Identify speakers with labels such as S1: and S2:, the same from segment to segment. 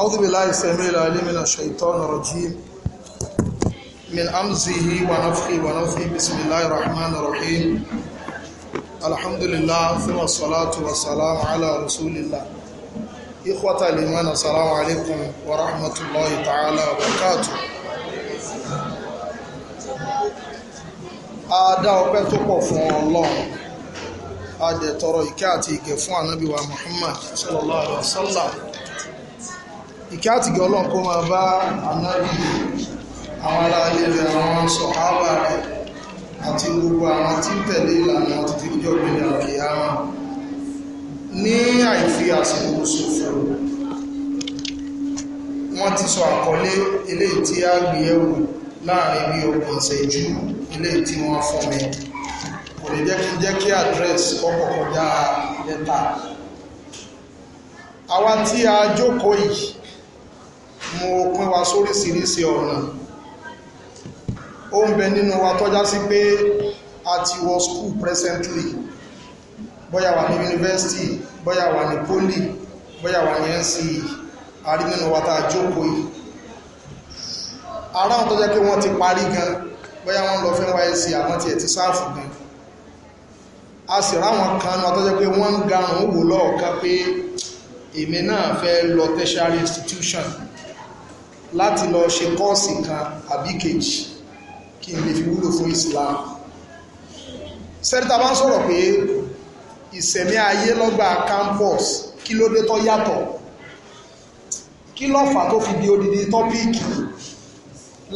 S1: أعوذ بالله السميع العليم من الشيطان الرجيم من أمزه ونفخه ونفخه بسم الله الرحمن الرحيم الحمد لله ثم الصلاة والسلام على رسول الله إخوة الإيمان السلام عليكم ورحمة الله تعالى وبركاته Adá ọpẹ́ tó pọ̀ fún Ọlọ́run, adẹ̀tọ̀rọ̀ ìkẹ́ àti ìkẹ́ fún ànábì Muhammad sallallahu alaihi wa sallam ìkẹ́ àtìgẹ́ ọlọ́run kó máa bá ànábì àwọn aráalé rẹ̀ àwọn sọ̀hábà rẹ̀ àti gbogbo àwọn tí ń tẹ̀lé ìlànà títí níjọ́ gbẹ̀dẹ̀ àkèyàmá ní àìfi àsìkò ṣòfò wọ́n ti sọ àkọlé eléyìí tí a gbé ẹ̀wò láàrin bí ọgbọ̀n ìṣẹ́jú eléyìí tí wọ́n fún mi kò lè jẹ́ kí jẹ́ kí àdírẹ́sì kọ́kọ́ kọjá lẹ́tà àwa tí a jókòó yìí mo pín wa sóríṣiríṣi ọ̀nà ó ń bẹ nínú wa tọ́já sí pé a ti wọ school presently bóyá wà ní yunifásitì bóyá wà ní poli bóyá wà ní nce a rí nínú wa tá a jókòó yìí ara àwọn tó jẹ́ pé wọ́n ti parí gan bóyá wọ́n lọ fẹ́ nysc àwọn tiẹ̀ ti sáàfù gan a sì ráwọn kan ní àtọ́jẹ́ pé wọ́n ń garùn ún wò lọ́ọ̀ká pé èmi náà fẹ́ lọ tertiary institution láti lọ ṣe kọ́ọ̀sì kan àbí kejì kí n lè fi wúlò fún Islam sẹ́ríta bá ń sọ̀rọ̀ pé ìsẹ̀mí ayé lọ́gbà campus kí ló dé tó yàtọ̀ kí ló fà tó fi di odidi tọ́píìkì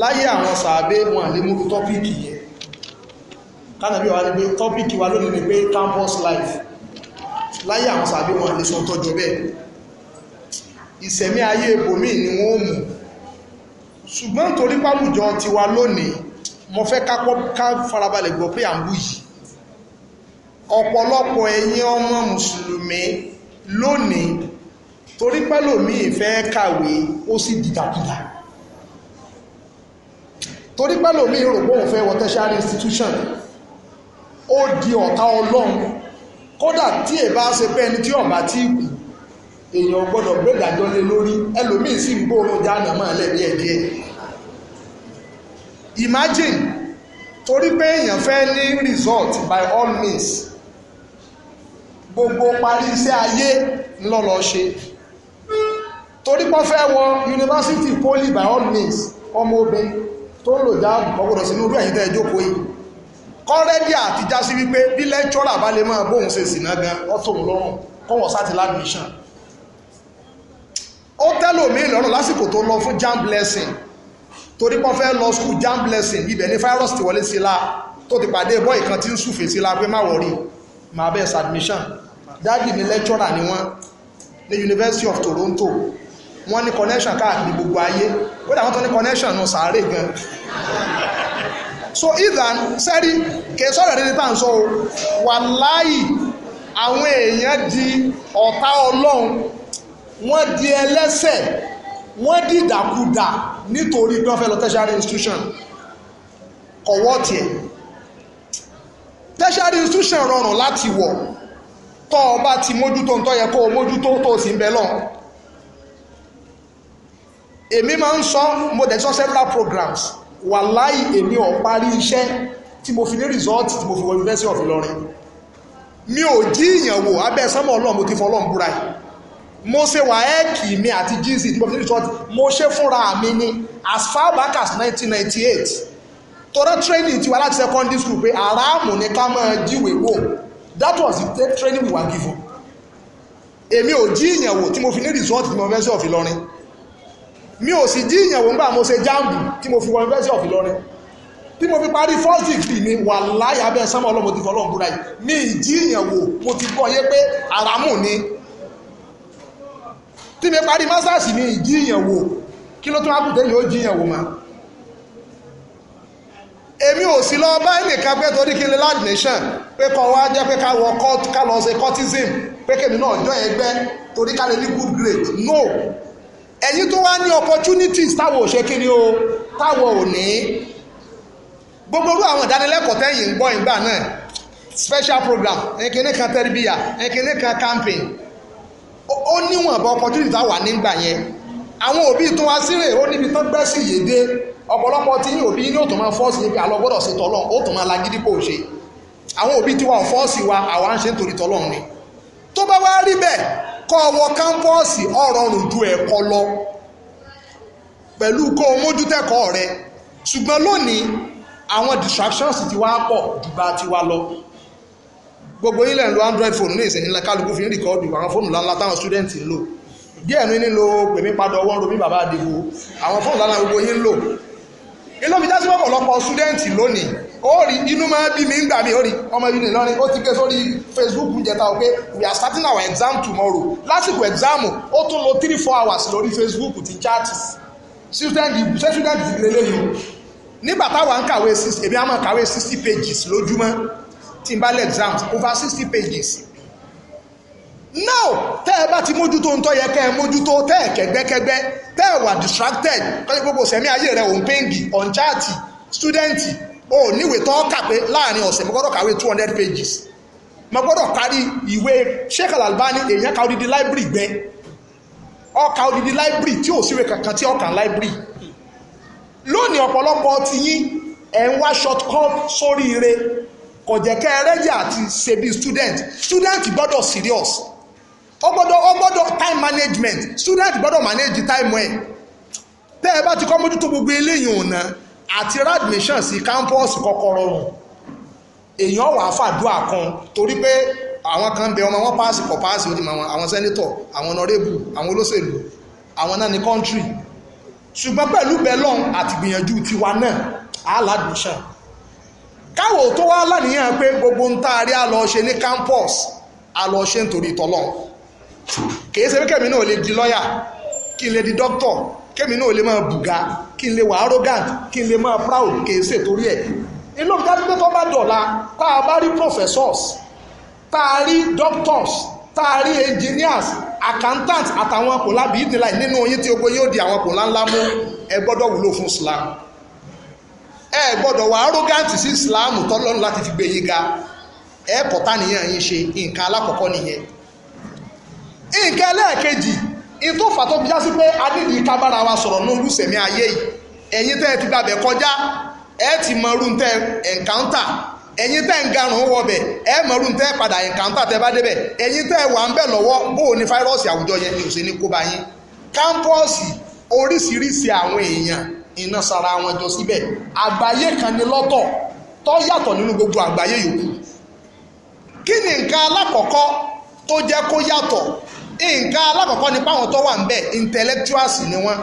S1: láyé àwọn sàábé wọn àlémúrú tọ́píìkì yẹn kánàbí wà ní pé tọ́píìkì wa lónìí ni pé campus life láyé àwọn sàábé wọn àlésọ tọ́jọ bẹ́ẹ̀ ìsẹ̀mí ayé ibòmíì ni wọ́n mú ṣùgbọ́n torí pàwùjọ tiwa lónìí mo fẹ́ ká farabalẹ̀ gbọ́ pé à ń wù yìí ọ̀pọ̀lọpọ̀ ẹ̀yin ọmọ mùsùlùmí lónìí torí pẹ́lòmí ìfẹ́ kàwé ó sì dìdàkudà
S2: torí pẹ́lòmí rò pé òun fẹ́ wọ
S1: tertiary institution ó di ọ̀tá ọlọ́run kódà tí èbá ṣe pé ẹni tí ọ̀bá tí kù èèyàn gbọ́dọ̀ gbé ìdájọ́ lé lórí ẹlòmíì sì ń gbóòórùn jáàmù mọ́ ẹlẹ́bí ẹ̀díẹ̀ imagine torí pé èèyàn fẹ́ ní result by all means gbogbo parí iṣẹ́ ayé ńlọ́lọ́ ṣe torí pọ́ fẹ́ wọ university poly by all means ọmọ obìnrin tó ń lò jáàbù kọ́kọ́rọ̀ sínú orí ẹ̀yìn tẹ́ jókòó yìí kọ́rẹ́dì àti jásí wípé bí lẹ́kítọ́rà bá lè máa bóun ṣe sì náà gan ọ́tòun lọ́rùn kọ́wọ́ sáti láàbìṣàn ó tẹ́lòmí ìlọ́rùn lásìkò tó lọ fún jam blessing torí pọ́n fẹ́ lọ school jam blessing ibẹ̀ ní virus ti wọlé sí la tó ti pàdé bọ́ọ̀ ìkan tí ń súfèé sí la pé má wọ̀rí màá bẹ́ẹ̀ submission dáàdì mi lecturer ni wọ́n ní University of Toronto wọ́n ní connection káàkiri gbogbo ayé ó dàwọn tó ní connection nù sàárè gan so ethan sẹ́rí kì í sọ̀rọ̀ níbi tá à ń sọ o wàláì àwọn èèyàn di ọ̀tá ọlọ́run wọ́n di ẹlẹ́sẹ̀ wọ́n dìdàkudà nítorí pé wọ́n fẹ́ lọ tertiary institution kọ̀wọ́ tiẹ̀ tertiary institution rọrùn láti wọ̀ tọ́ ọ bá ti mójútó ń tọ́ yẹ kó o mójútó tó o sì ń bẹ lọ èmi máa ń sọ mo dẹ̀ sọ several programs wàláì èmi ò parí iṣẹ́ tí mo fi ní result tí mo fi wọ University of Ìlọrin mi ò jí ìyànwó abẹ́ sánmọ̀ Ọlọ́run mo ti fọ Ọlọ́run búra yìí mo ṣe wàhẹ́ẹ̀kì mi àti gz tí mo fi ṣe mo ṣe fúnra mi ni as far back as 1998 tọ́rọ training tiwa láti secondary school pé aráàmù ni ká máa jíwèé wò that was the training we were given èmi ò jí ìyànwò tí mo fi ní result tí mo fẹ́ sí ọ̀fi lọ́rin mi ò sì jí ìyànwò ńgbà mo ṣe jambu tí mo fi wọ́n fẹ́ sí ọ̀fi lọ́rin tí mo fi parí first degree mi wà láyà abẹ́ sánmọ́ ọlọ́mọ ti fọlọ́ọ̀ búra yìí mi ì jí ìyànwò mo ti gbọ́ yé pé àràmù ni tí mi parí masters ní ìjíyàn wò kí ló tún wá kù tẹ́lẹ̀ ó jíyàn wò mà èmi ò sí lọ́ọ́ bá ẹnìkan pé torí kí n lè land nation pé kọ́ wa jẹ́ pé ká wọ ká lọ ṣe courtism pé kèmi náà jọ ẹgbẹ́ torí ká lè ní good grade no ẹ̀yin tó wá ní opportunities táwọn ò ṣe kí ni o táwọn ò ní gbogbo orú àwọn ìdánilẹ́kọ̀ọ́ tẹ́yìn ń gbọ́ ìgbà náà special program ẹ̀kíní kan tẹ́rìbíyà ẹ̀kíní kan camping ó níwọ̀nba opportunity tá a wà nígbà yẹn àwọn òbí tó wá sílẹ̀ ó níbi tán gbẹ́sì yédè ọ̀pọ̀lọpọ̀ tí yín òbí ní òtún máa fọ́ọ̀sì yín pé àlọ́ gbọ́dọ̀ ṣe tọ́lọ́run ó tún máa lagídí kò ṣe àwọn òbí tiwa ò fọ́ọ̀sì wa àwa ń ṣe nítorí tọ́lọ́run ni tó bá wá rí bẹ́ẹ̀ kọ́ ọwọ́ kámpọ́ọ̀sì ọ̀rọ̀rùn ju ẹ̀kọ́ lọ pẹ̀lú kó o mójútẹ́kọ̀ọ́ rẹ ṣùgbọ́n lónìí àwọn distractions ti wá pọ̀ jù bá ti wá lọ gbogbo yín lẹ̀ ń lo android phone ní ìsìn ńlá kálukú fi ń rìkọ́ọ̀dù àwọn fóònù ńláńlá táwọn student ń lò díẹ̀ ní nílò pèmí padà ọwọ́ ń romí bàbá àdìgbò àwọn fóònù ńláńlá gbogbo yín lò inú mi jásí ọ̀pọ̀lọpọ̀ student lónìí ó rí inú máa bí mi ń gbà mí ó rí ọmọ ìlú Ìlọrin ó ti gbé sórí Facebook ń jẹta pé we are starting our exam tomorrow lásìkò exam ó tún lo three four hours lórí Facebook ti chat student ṣé student ìdílé lẹ́yìn nígbà táwa ń kàwé èmi á máa kàwé sixty pages lójúmọ́ timbal exams over sixty pages now tẹ́ ẹ bá ti mójútó ń tọ́ yẹ kẹ́ ẹ mójútó tẹ́ ẹ kẹ́gbẹ́kẹ́gbẹ́ tẹ́ ẹ wà distracted tọ́jú gbogbo sẹ́mi ayé rẹ̀ òun péǹgì on chaati student o níwèé tọ́ kà pé láàrin ọ̀sẹ̀ mo gbọ́dọ̀ kàwé two hundred pages mo gbọ́dọ̀ kárí ìwé Sheikh Al-Albani èèyàn ka odidi library gbẹ ọkà odidi library tí ò síwèé kankan tí ọkà library lónìí ọ̀pọ̀lọpọ̀ ti yín ẹ̀ ń wá short cut sóríire kò jẹ́ kẹ́ rẹ́jì àti ṣe bí student student gbọ́dọ̀ serious ó gbọ́dọ̀ ó gbọ́dọ̀ time management student gbọ́dọ̀ manage time well tẹ́ ẹ bá ti kọ́ mójútó gbogbo eléyìí ọ̀nà àti admission sí campus kọ́kọ́rọ́ rùn èèyàn wàá fàdúrà kan torí pé àwọn kan bẹ ọmọ wọn páàsì kọ páàsì ó di màwọn àwọn sẹ́nitọ̀ àwọn ọ̀nàrẹ́bù àwọn olóṣèlú àwọn náà ní kọ́ńtírì ṣùgbọ́n pẹ̀lú bẹ́lọ́n àtìgbìyànjú tiwa náà àládùn ṣáà káwò tó wá lánìyàn pé gbogbo ń taari a lọ ṣe ní campus a lọ ṣe nítorí tọ́lọ́n kìí ṣe pé kẹ́mi náà lè di lọ́yà kí n lè di doctor kẹ́mi náà lè máa bùgá kí n lè wà arrogant kí n lè máa proud kìí ṣe torí ẹ̀ inú mi dájú pé tó bá dọ̀la tá a bá rí professors tá a rí doctors tá a rí engineers accountants àtàwọn kò lábì ìdílà nínú oyin tí ogbó yóò di àwọn kò ńláńlá mú ẹ gbọ́dọ̀ wúlò fún Islam ẹ gbọdọ wà arrogant sí Islam tọ́lọ́run láti fi gbé yín ga ẹ pọ̀tà nìyẹn yín ṣe nǹkan alákọ̀ọ́kọ́ nìyẹn nǹkan ẹlẹ́ẹ̀kejì ìtòfà tó bí já sí pé adídìí kábàrà wa sọrọ ní ayé yìí ẹ̀yin ẹ ti kọjá ẹ ti mọ irú tẹ́ ẹ̀ǹkáńtà ẹ̀yin tẹ́ ń ẹ mọ irú padà bá wà ń iná sara wọn jọ síbẹ̀ àgbáyé kan ní lọ́tọ̀ tó yàtọ̀ nínú gbogbo àgbáyé yòókù kí ni nǹkan alákọ̀ọ́kọ́ tó jẹ́ kó yàtọ̀ nǹkan alákọ̀ọ́kọ́ ni páwọn tó wà ń bẹ̀ intellectuals ni wọ́n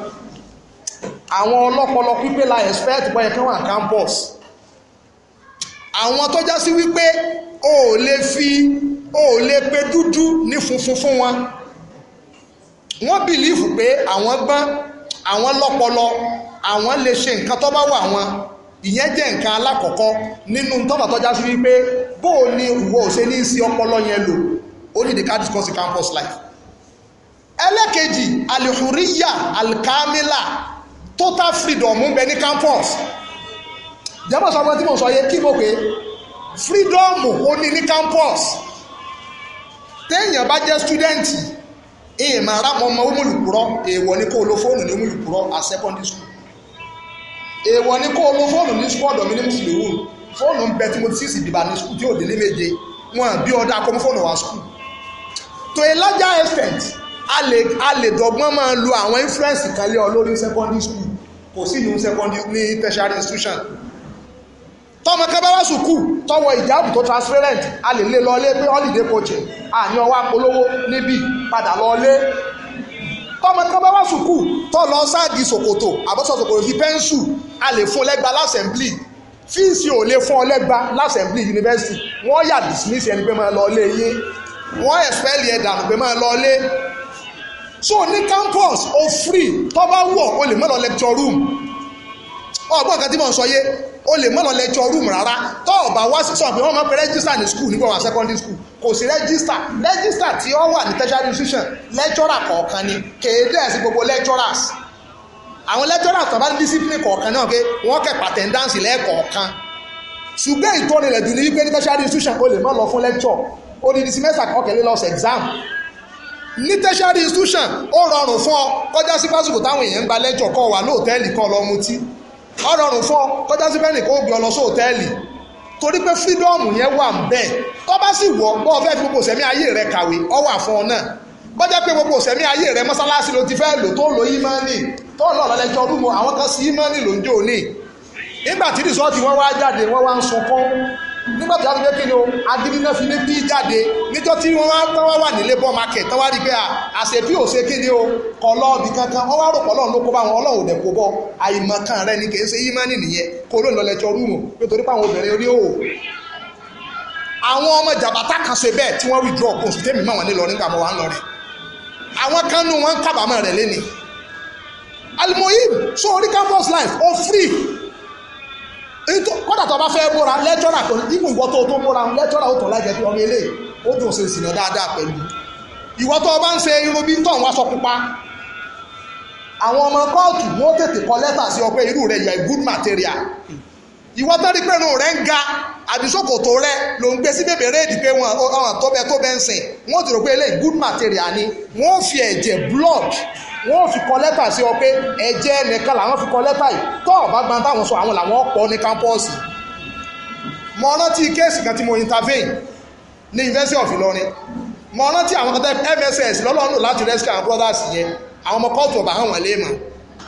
S1: àwọn ọlọ́pọlọ pípé la expect pé ẹ̀kan wà campus àwọn tó já sí wípé o ò lè fi o ò lè pe dúdú ní funfun fún wọn wọ́n bìlífù pé àwọn gbọ́n àwọn lọ́pọlọ àwọn lè ṣe nǹkan tó bá wà wọn ìyẹn jẹ́ nǹkan alákọ̀ọ́kọ́ nínú tọ́nà tọ́já sí wípé bóò ni ìwọ òṣè ní í sí ọpọlọ yẹn lò ó ní the card discuss campus life ẹlẹ́kejì alihuriya alkamila total freedom ń bẹ ní campus jẹ́mọ̀ sọ pé tí mo sọ yẹ kí mo pé freedom ó ní ní campus téèyàn bá jẹ́ student èèmọ̀ ara mọ́ ọmọ ó múlùkúrọ́ èèwọ̀ ni kó o lo fóònù ní múlùkúrọ́ at secondary school èèwọ̀ ni kó o lo fóònù ní sukú ọ̀dọ̀ mi ní mùsùlùmí fóònù ń bẹ tí mo ti sì dìbà ní sukú tí ò délé méje wọn bí ọdá kọ́ mú fóònù wá sukú to a larger extent a lè a lè dọ́gbọ́n máa lo àwọn influence kan lé ọ lórí secondary school kò sí ìlú secondary ní tertiary institution tọmọ kan bá wá sùkú tọwọ ìjáàbù tó transparent a lè lé lọ lé pé holiday coaching àní ọwọ́ apolówó níbí padà lọ lé tọmọ kan bá wá sùkú tọ lọ sáàgì ṣòkòtò àbọ̀sọ̀ ṣòkòtò fi pẹ́ńsù a lè fún lẹ́gba lásẹ̀mblì fíìsì ò lè fún ọ lẹ́gba lásẹ̀mblì yunifásitì wọ́n yà dismiss ẹni pé máa lọ ilé yín wọ́n expel yẹn dànù pé máa lọ ilé so ní campus o free tó bá wọ̀ o lè má lọ lecture room ọgbọ́n kan tí mò ń sọ yé o lè má lọ lecture room rárá tó o bá wá sí sọ pé wọ́n máa pe register ní school nígbà wà secondary school kò sí register register tí ó wà ní tertiary institution lecturer kọ̀ọ̀kan ni kèédé ẹ̀sìn gbogbo lecturers àwọn lẹ́tọ́rà tó bá ní discipline kọ̀ọ̀kan náà pé wọ́n kẹ́ pàtẹ́ndáǹsì lẹ́ẹ̀kọ̀ọ̀kan ṣùgbọ́n ìtọ́nilẹ̀ jù ní wípé ní tertiary institution o lè má lọ fún lecture o ní di semester kọkànlélẹ́ lọ́sẹ̀ exam ní tertiary institution ó rọrùn fún ọ kọjá sí pásítọ̀ táwọn èèyàn ń gba lecture kọ́ wà lóòtẹ́ẹ̀lì kọ́ lọ mutí ó rọrùn fún ọ kọjá sí pẹ́ẹ́nì kó gbé ọ lọ sóòtẹ́ẹ̀lì torí pé freedom yẹn wà ń bẹ́ẹ̀ tó bá sì wọ̀ bọ́ fẹ́ fi gbogbo sẹ́mi ayé rẹ kàwé ọ wà fún ọ náà bọ́jà pé gbogbo sẹ́mi ayé rẹ mọ́sálásí ló ti fẹ́ lò tó lò yí máa ń nì tọ́ọ̀lọ́ ọ̀lọ́lẹ́jọ́ rúmọ àwọn kan sí mọ́nì ló jò ní nígbà tí rìsọ́ọ̀tì wọ́n wá jáde wọ́n wá ń sunkún nígbà tí wọ́n kékeré o adíníná fi ní bí jáde níjọ́ tí wọ́n wá wà ní labour market tán wá rí pé àṣẹbí ò ṣe kéde o kọ̀ lọ́ọ̀bì kankan wọ́n wá rò pọ̀ lọ́ọ̀ ló kó bá ọlọ́run dẹ̀ kó bọ́ àìmọ̀kan rẹ ni kìí ṣe ímánì nìyẹn kó ló ń lọ lẹ́jọ́ nítorí pé àwọn obìnrin rí òò àwọn ọmọ jàbátà kan ṣe bẹ́ẹ̀ tí wọ́n withdraw kóńsù tẹ́mi máa wọn ní lọ nígbà mọ́ wa ń lọ rẹ̀ àwọn kan nù wọ́n ń kábàámọ̀ rẹ̀ lénìí alimoyim so orí campus life ó free kódà tó bá fẹ́ bóra lẹ́jọ́rà kò ní ibù ìwọ́ tó tó bóra lẹ́jọ́rà ó tó láìjẹ́ pé ọmọ eléyìí ó dùn ṣe ìsìnà dáadáa pẹ̀lú ìwọ́ tó bá ń ṣe irun bí tọ̀ ń wá sọ pupa àwọn ọmọ kóòtù wọ́n tètè kọ lẹ́tà sí ọ pé irú rẹ̀ yà good material ìwọ́ tó rí pé irun rẹ̀ ń ga àdìsókòtò rẹ̀ ló ń gbé sí bèbè réèdì pé wọn àwọn tó bẹ tó bẹ ń sìn wọ́n ti rò pé eléyìí good material ni wọ́n fi ẹ̀jẹ̀ blood wọ́n fi kọ lẹ́tà sí ọ pé ẹ̀jẹ̀ nìkan làwọn fi kọ lẹ́tà yìí tó ọ̀bá gba táwọn sọ àwọn làwọn pọ̀ ní kámpọ́ọ̀sì mo rántí kéèsì kan tí mo intervene ní University of Ìlọrin mo rántí àwọn kan tẹ́ MSS lọ́lọ́run láti rescue àwọn brothers yẹn àwọn ọmọ kóòtù ọ̀bà hàn wọ́n lé mọ̀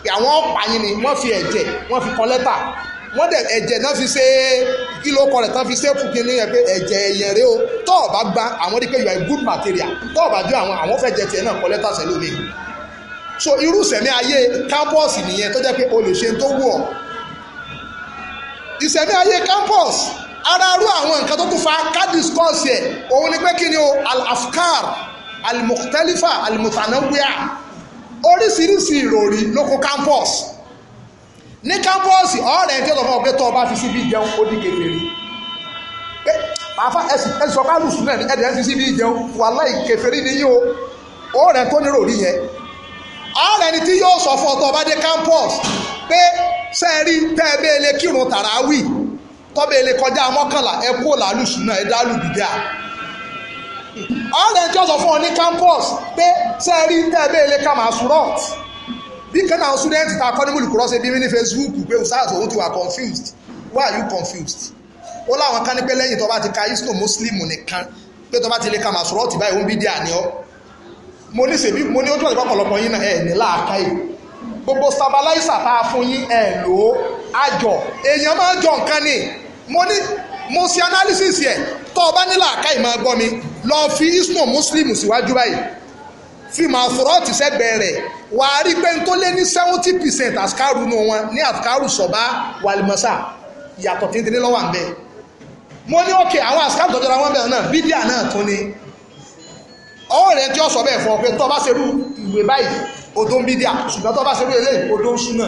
S1: pé àwọn ọ̀pàyìn ni wọ́n fi ẹ̀jẹ̀ wọ́n fi kọ lẹ́tà wọ́n dẹ̀ ẹ̀jẹ̀ náà fi ṣe kí ló kọ rẹ̀ tán fi ṣépù kí ni yẹn pé ẹ̀jẹ̀ ẹ̀yẹ̀ rẹ o tọ́ọ̀ bá gba àwọn rí pé you are a good material tọ́ọ̀ bá jẹ́ àwọn àwọn fẹ́ jẹ tiẹ̀ náà kọ lẹ́tà sẹ́lómi so irú ìsẹ̀mí ayé campus nìyẹn tó jẹ́ pé o lè ṣe tó wù ọ́ ìsẹ̀mí ayé campus ara rú àwọn nǹkan tó tún fa ká discuss yẹ òun ni pé kí ni o al-afkar al-mukhtalifa al-mutanawwi'a oríṣiríṣi ìròrí ló kó campus ní campus ọ̀rẹ́ tí ó sọ fún ọ pé tó o bá fi síbi ìjẹun ó di kékeré àfa ẹsùn sọ pé alùsùn náà ni ẹ̀dẹ̀ síbi ìjẹun wàhálà ìkẹfẹ́rí ni yín o ọ̀rẹ́ tó nírò rí yẹn ààrẹ ni tí yóò sọ fún ọtọ bá dé campus pé sẹ́ẹ̀rí tẹ́ẹ̀bẹ́ ilé kírun tàràwì tọ́bẹ̀ ilé kọjá mọ́kànlá ẹ kó làálùsù náà ẹ dálù bìdíà ààrẹ tí ó sọ fún ọ ní campus pé sẹ́ẹ̀rí tẹ́ẹ̀bẹ́ ilé kàmá surọ́t bí kẹ́nà àwọn student ta kọ́ ní múlùkúrọ́ ṣe bí mi ní Facebook pé usas òun ti wà confused why are you confused ó láwọn kan ní pé lẹ́yìn tó bá ti ka islam muslim nìkan pé tó bá ti lè kàmá surọ́t báyìí ó ń bídíà ni ọ́ mo ní ṣebí mo ní ojú àti pọ̀pọ̀lọpọ̀ yín náà ẹ̀ ní láàká yìí gbogbo stabilizer tá a fún yín ẹ̀ lò àjọ èèyàn máa jọ nǹkan ni mo ní mo ṣe analysis yẹ tó o bá ní láàká yìí máa gbọ́ mi lọ fi ismo muslim síwájú báyìí fi máa fọ̀rọ̀ ọ̀tí sẹ́gbẹ̀ẹ́ rẹ̀ wà á rí pé n tó lé ní seventy percent àsìkárù nù wọn ní àsìkárù sọ̀bá wàlìmọ́sà ìyàtọ̀ tìǹtìǹ lọ́wọ́ à ń bẹ̀ mo ní òkè àwọn àsìkárù tọ́jú ara wọn bẹ̀rẹ̀ náà bídíà náà tún ni ọ̀rẹ́ tí ó sọ bẹ́ẹ̀ fún ọ pé tó bá ṣerú ìwé báyìí odó ń bídíà ṣùgbọ́n tó bá ṣerú eléyìí odó ń súnà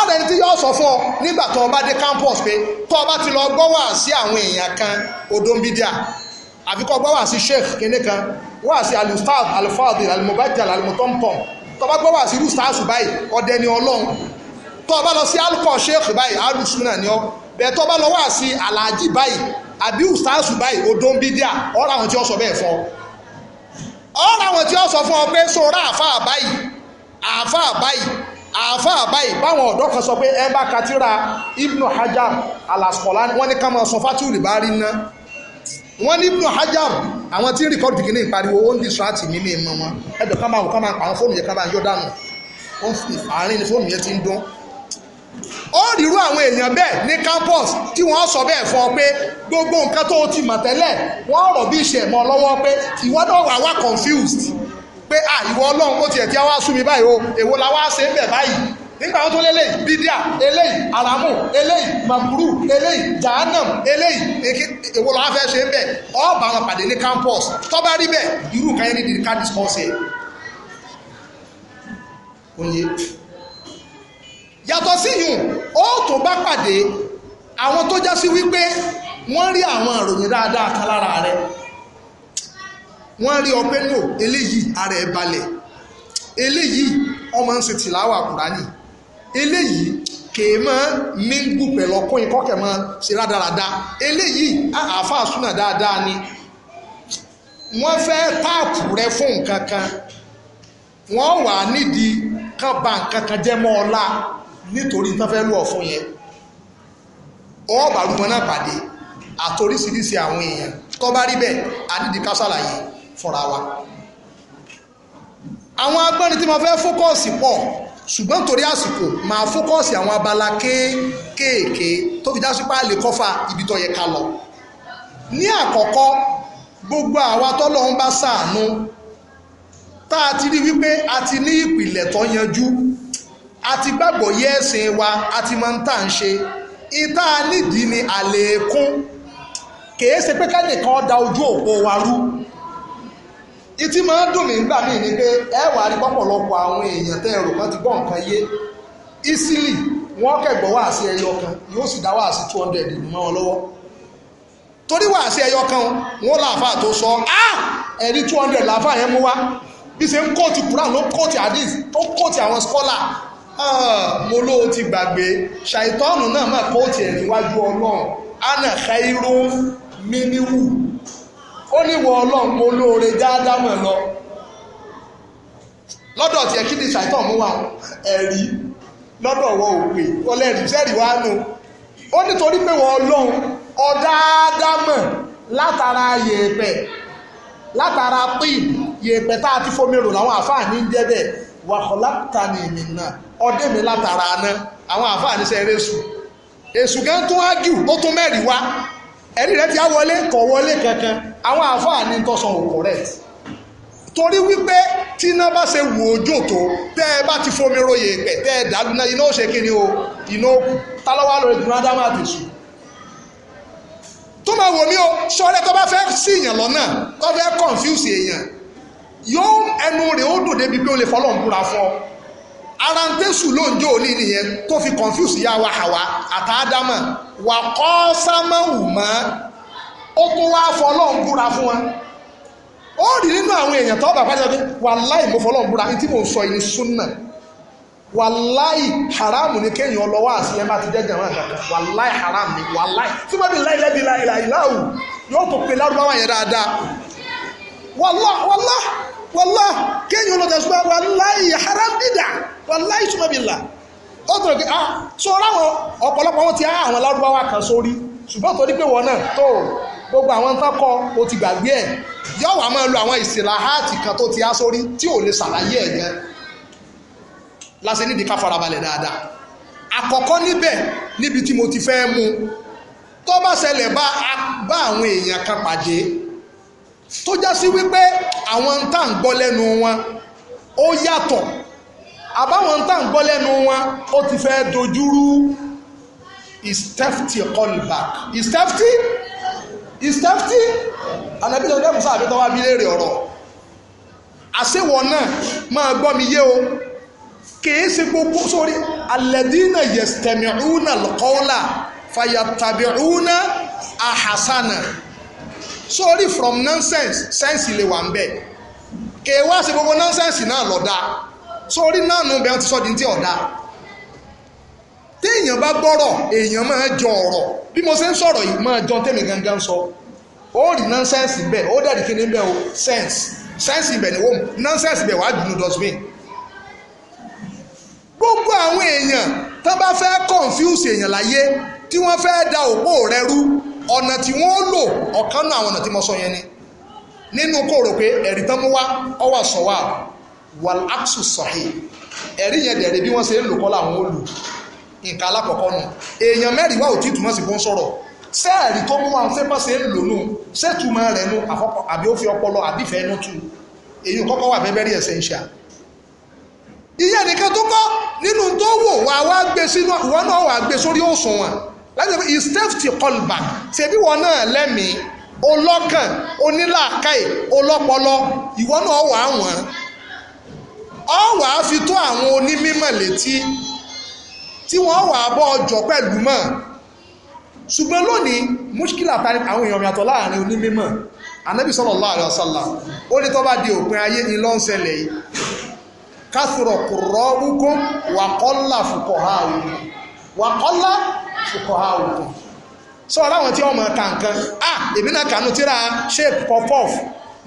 S1: ọ̀rẹ́ tí yóò sọ fún ọ nígbà tó o bá dé campus pé tó o bá ti lọ gbọ́ wà sí àwọn èèyàn kan odó ń bídíà àfi kọ́ gbọ́ wà sí sheikh kínní kan wà sí alustad alfadi almubajal almutomtom tó o bá gbọ́ wà sí rustars báyìí ọdẹ ni ọlọ́run tó o bá lọ sí alukọ sheikh báyìí alùsùnà ni ọ bẹ́ẹ̀ tó bá lọ wà sí alhaji báyìí àbí ustaasu báyìí odó ń bí díà ọ̀rọ̀ àwọn tí ó sọ bẹ́ẹ̀ fọ́ ọ̀rọ̀ àwọn tí ó sọ fún ọ pé sora àfáà báyìí àfáà báyìí àfáà báyìí báwọn ọ̀dọ́ kan sọ pé ẹ bá katira Ibn Hajar Al-Asqalani wọ́n ní ká máa sọ fátìwù lè bá rí ná wọ́n ní Ibn Hajar àwọn tí ń rìkọ́dù kìíní ìpariwo ó ń distract mi mí mọ́ wọn ẹjọ́ ká máa wò ká máa pa àwọn fóònù yẹn ká máa yọ dànù ó rírú àwọn èèyàn bẹ́ẹ̀ ní campus tí wọ́n sọ bẹ́ẹ̀ fún ọ pé gbogbo nǹkan tó ti mọ̀ tẹ́lẹ̀ wọ́n rọ̀ bí ìṣẹ̀ mọ́ lọ́wọ́ pé ìwọ náà wà wá confused pé à ìwọ ọlọ́run ó tiẹ̀ tí a wá sún mi báyìí o èwo la wá ṣe ń bẹ̀ báyìí nígbà tó lélẹ̀ bídíà eléyìí aramu eléyìí maburu eléyìí jahannam eléyìí èwo la fẹ́ ṣe ń bẹ̀ ọ bá wọn pàdé ní campus tó bá rí bẹ́ẹ̀ irú kan yẹn ní dìríkà discourse yẹn yàtọ̀ sí yùn ó tó bá pàdé àwọn tó já sí wípé wọ́n rí àwọn ìròyìn dáadáa kan lára rẹ wọ́n rí ọpẹ́ náà eléyìí ara ẹ̀ balẹ̀ eléyìí ọmọ ń ṣe tìláwà kùránì eléyìí kèé mọ́ mingu pẹ̀lú ọkùnrin kọ́kẹ́ mọ́ ṣe rádaràda eléyìí àáfàá súnà dáadáa ni wọ́n fẹ́ táàpù rẹ fún nǹkan kan wọ́n wà nídìí kan bà nǹkan kan jẹ́ mọ́ ọ la nítorí tán fẹ́ lù ọ fún yẹn ọ̀ọ́bà rúmọ náà pàdé àtoríṣiríṣi àwọn èèyàn tó bá rí bẹ́ẹ̀ àdídì ká ṣàlàyé fúnra wa àwọn agbọ́nrin tí mo fẹ́ fókọ́ọ̀sì pọ̀ ṣùgbọ́n torí àsìkò máa fókọ́ọ̀sì àwọn abala kéékèèké tó fi dásí pa lè kọ́fà ibi tó yẹ ká lọ ní àkọ́kọ́ gbogbo àwa tọ́lọ́hun bá ṣàánú tá a ti rí wípé a ti ní ìpìlẹ̀ tó yanjú àti gbàgbọ́ yẹ ẹ̀sìn wa àti máa ń tà ń ṣe ìta nídìí ni àlékún kìí ṣe pé kẹ́nìkan da ojú òpó wa rú ìtí máa ń dùn mí nígbà míì ni pé ẹ wà á rí pọ̀pọ̀lọpọ̀ àwọn èèyàn tẹ́ ẹ̀rọ kan ti gbọ́ nǹkan yé ìsílì wọ́n kẹ̀gbọ́ wáàsí ẹyọ kan yóò sì dá wáàsí two hundred nù mọ́ wọn lọ́wọ́ torí wáàsí ẹyọ kan wọn làáfà tó sọ ẹ̀rí two hundred làáfà yẹn mú wá bí ṣe ń kóòtù Quran ló kóòtù hadith tó kóòtù àwọn scholar Ah, mo ló ti gbàgbé ṣàìtọ́nù náà mà kó tiẹ̀ níwájú ọlọ́run ana khairu miniwu ó níwọ̀ ọlọ́run mo lóore jáádámọ̀ lọ lọ́dọ̀ tiẹ̀ kí ni ṣàìtọ́ mú wa ẹ̀rí lọ́dọ̀ wọ òpè ọlẹ́rìí sẹ́rìí wá nù ó nítorí pé wọ́n ọlọ́run ọ̀dáádámọ̀ látara yèèpẹ̀ látara pín yèèpẹ̀ tá a ti fomi rò láwọn àfáà ní jẹ́ bẹ́ẹ̀ wàhálà tani mi náà ọdẹ mi látara aná àwọn àfáàní sẹ eré èṣù èṣù gan tún ágì ó tún mẹ́rin wá ẹ̀rí rẹ ti á wọlé kọ̀ wọlé kankan àwọn àfáàní tọ́sán ò correct torí wípé tí iná bá ṣe wù òjò tó tẹ́ ẹ bá ti fomi royè pẹ̀ tẹ́ ẹ dàlú náà iná ó ṣe kiri o iná ó kú tálọ́wá lórí dùn ádámù àtẹ̀sù tó máa wò mí o sọ́ọ́rẹ́ tó bá fẹ́ sí èèyàn lọ́nà tó fẹ́ confuse èèyàn yóò ẹnu rẹ̀ ó dòde bíi pé ó lè fọlọ́ọ̀ búra fún ọ ara ń tẹ́sù òní nìyẹn tó fi confuse ìyá wa Hawa àtàdámà wà kọ́ sámẹ́wù mọ́ ó tún wá búra fún wa ó rí nínú àwọn èèyàn tó bàbá jẹ́ pé wàláì mo fọlọ́hún búra tí mò sọ ìní súnà wàláì haramu ni kéèyàn lọ àti ẹ̀ bá ti jẹ́ jàmáà wàláì haramu ni wàláì tí wọ́n bí láì lẹ́bi láì láì láwù yóò tó pe lárúbáwá yẹn dáadáa wàláì wàláì. wàlá kéèyàn lọ tẹ̀sùn bá wàláì haram dídà wàláì sùmọ̀bìlà ó tọrọ pé ah so ráwọn ọ̀pọ̀lọpọ̀ wọn ti á àwọn lárúbáwá kan sórí ṣùgbọ́n torí pé wọn náà tó gbogbo àwọn tán kọ o ti gbàgbé ẹ̀ yọ wàá máa lo àwọn ìsìláhàtì kan tó ti á sórí tí ò lè ṣàlàyé ẹ̀ yẹn láṣẹ nídìí ká farabalẹ̀ dáadáa àkọ́kọ́ níbẹ̀ níbi tí mo ti fẹ́ mú tó bá ṣẹlẹ̀ bá àwọn èèyàn kan pàdé tó já sí wípé àwọn tá à ń gbọ́ lẹ́nu wọn ó yàtọ̀ àbáwọn tá à ń gbọ́ lẹ́nu wọn ó ti fẹ́ dojúrú istefti call istefti istefti ànábì tó sáà tó wá bí léèrè ọ̀rọ̀ àṣewọ̀ náà máa gbọ́ mi yé o kìí ṣe gbogbo sórí alẹ́dínà yẹ̀stẹ̀mìrúnà lọ́kọ́ọ́là fàyàtàbìrúnà àhásánà sorry from nonsense sense lè wà ń bẹ̀ kè é wá sí gbogbo nonsense náà lọ́dà sorry náà nù bẹ́ẹ̀ ti sọ di ti ọ̀dà téèyàn bá gbọ́rọ̀ èèyàn máa jọ ọ̀rọ̀ bí mo ṣe ń sọ̀rọ̀ yìí máa jọ tèmi gangan sọ ó rí nonsense bẹ́ẹ̀ ó dẹ̀rí kíní bẹ́ẹ̀ o sense sense ibẹ̀ ni wọ́n nonsense ibẹ̀ wàá dùnú dustbin gbogbo àwọn èèyàn tó bá fẹ́ confuse èèyàn láyé tí wọ́n fẹ́ da òpó rẹ rú ọ̀nà tí wọ́n lò ọ̀kan náà àwọn ọ̀nà tí mo sọ yẹn ni nínú kó rò pé ẹ̀rí tán mú wá ọwọ́ sọ̀wá wal aksu sahih ẹ̀rí yẹn dẹ̀rẹ̀ bí wọ́n ṣe ń lò kọ́ làwọn ó lò nǹkan alákọ̀ọ́kọ́ nù èèyàn mẹ́rin wá òtítù náà sì fún sọ̀rọ̀ sẹ́ẹ̀rí tó mú wa ṣé bá ṣe ń lò nù ṣètùmọ̀ rẹ̀ nù àkọ́kọ́ àbí ó fi ọpọlọ àbí ìfẹ́ nù tù èyí kọ́kọ́ wà very essential iye nìkan láti sọ pé istefti kọlbà ṣebí wọn náà lẹ́mìí olọ́kàn onílàákàyè olọ́pọlọ ìwọ náà wà wọ́n ọ wà á fi tó àwọn onímọ̀ létí tí wọ́n wà á bọ́ ọjọ́ pẹ̀lú mọ̀ ṣùgbọ́n lónìí mushkila tani àwọn èèyàn yàtọ̀ láàrin onímọ̀ anabi sallallahu alaihi wasallam ó ní tó bá di òpin ayé ni ló ń ṣẹlẹ̀ yìí kathura qurra'ukum wa qalla fuqaha'ukum wa qalla fúkọ́ ha òkun sọ aláwọn tí ọmọ ẹ̀ka nǹkan à èmi náà kànú tíra sheikh kofof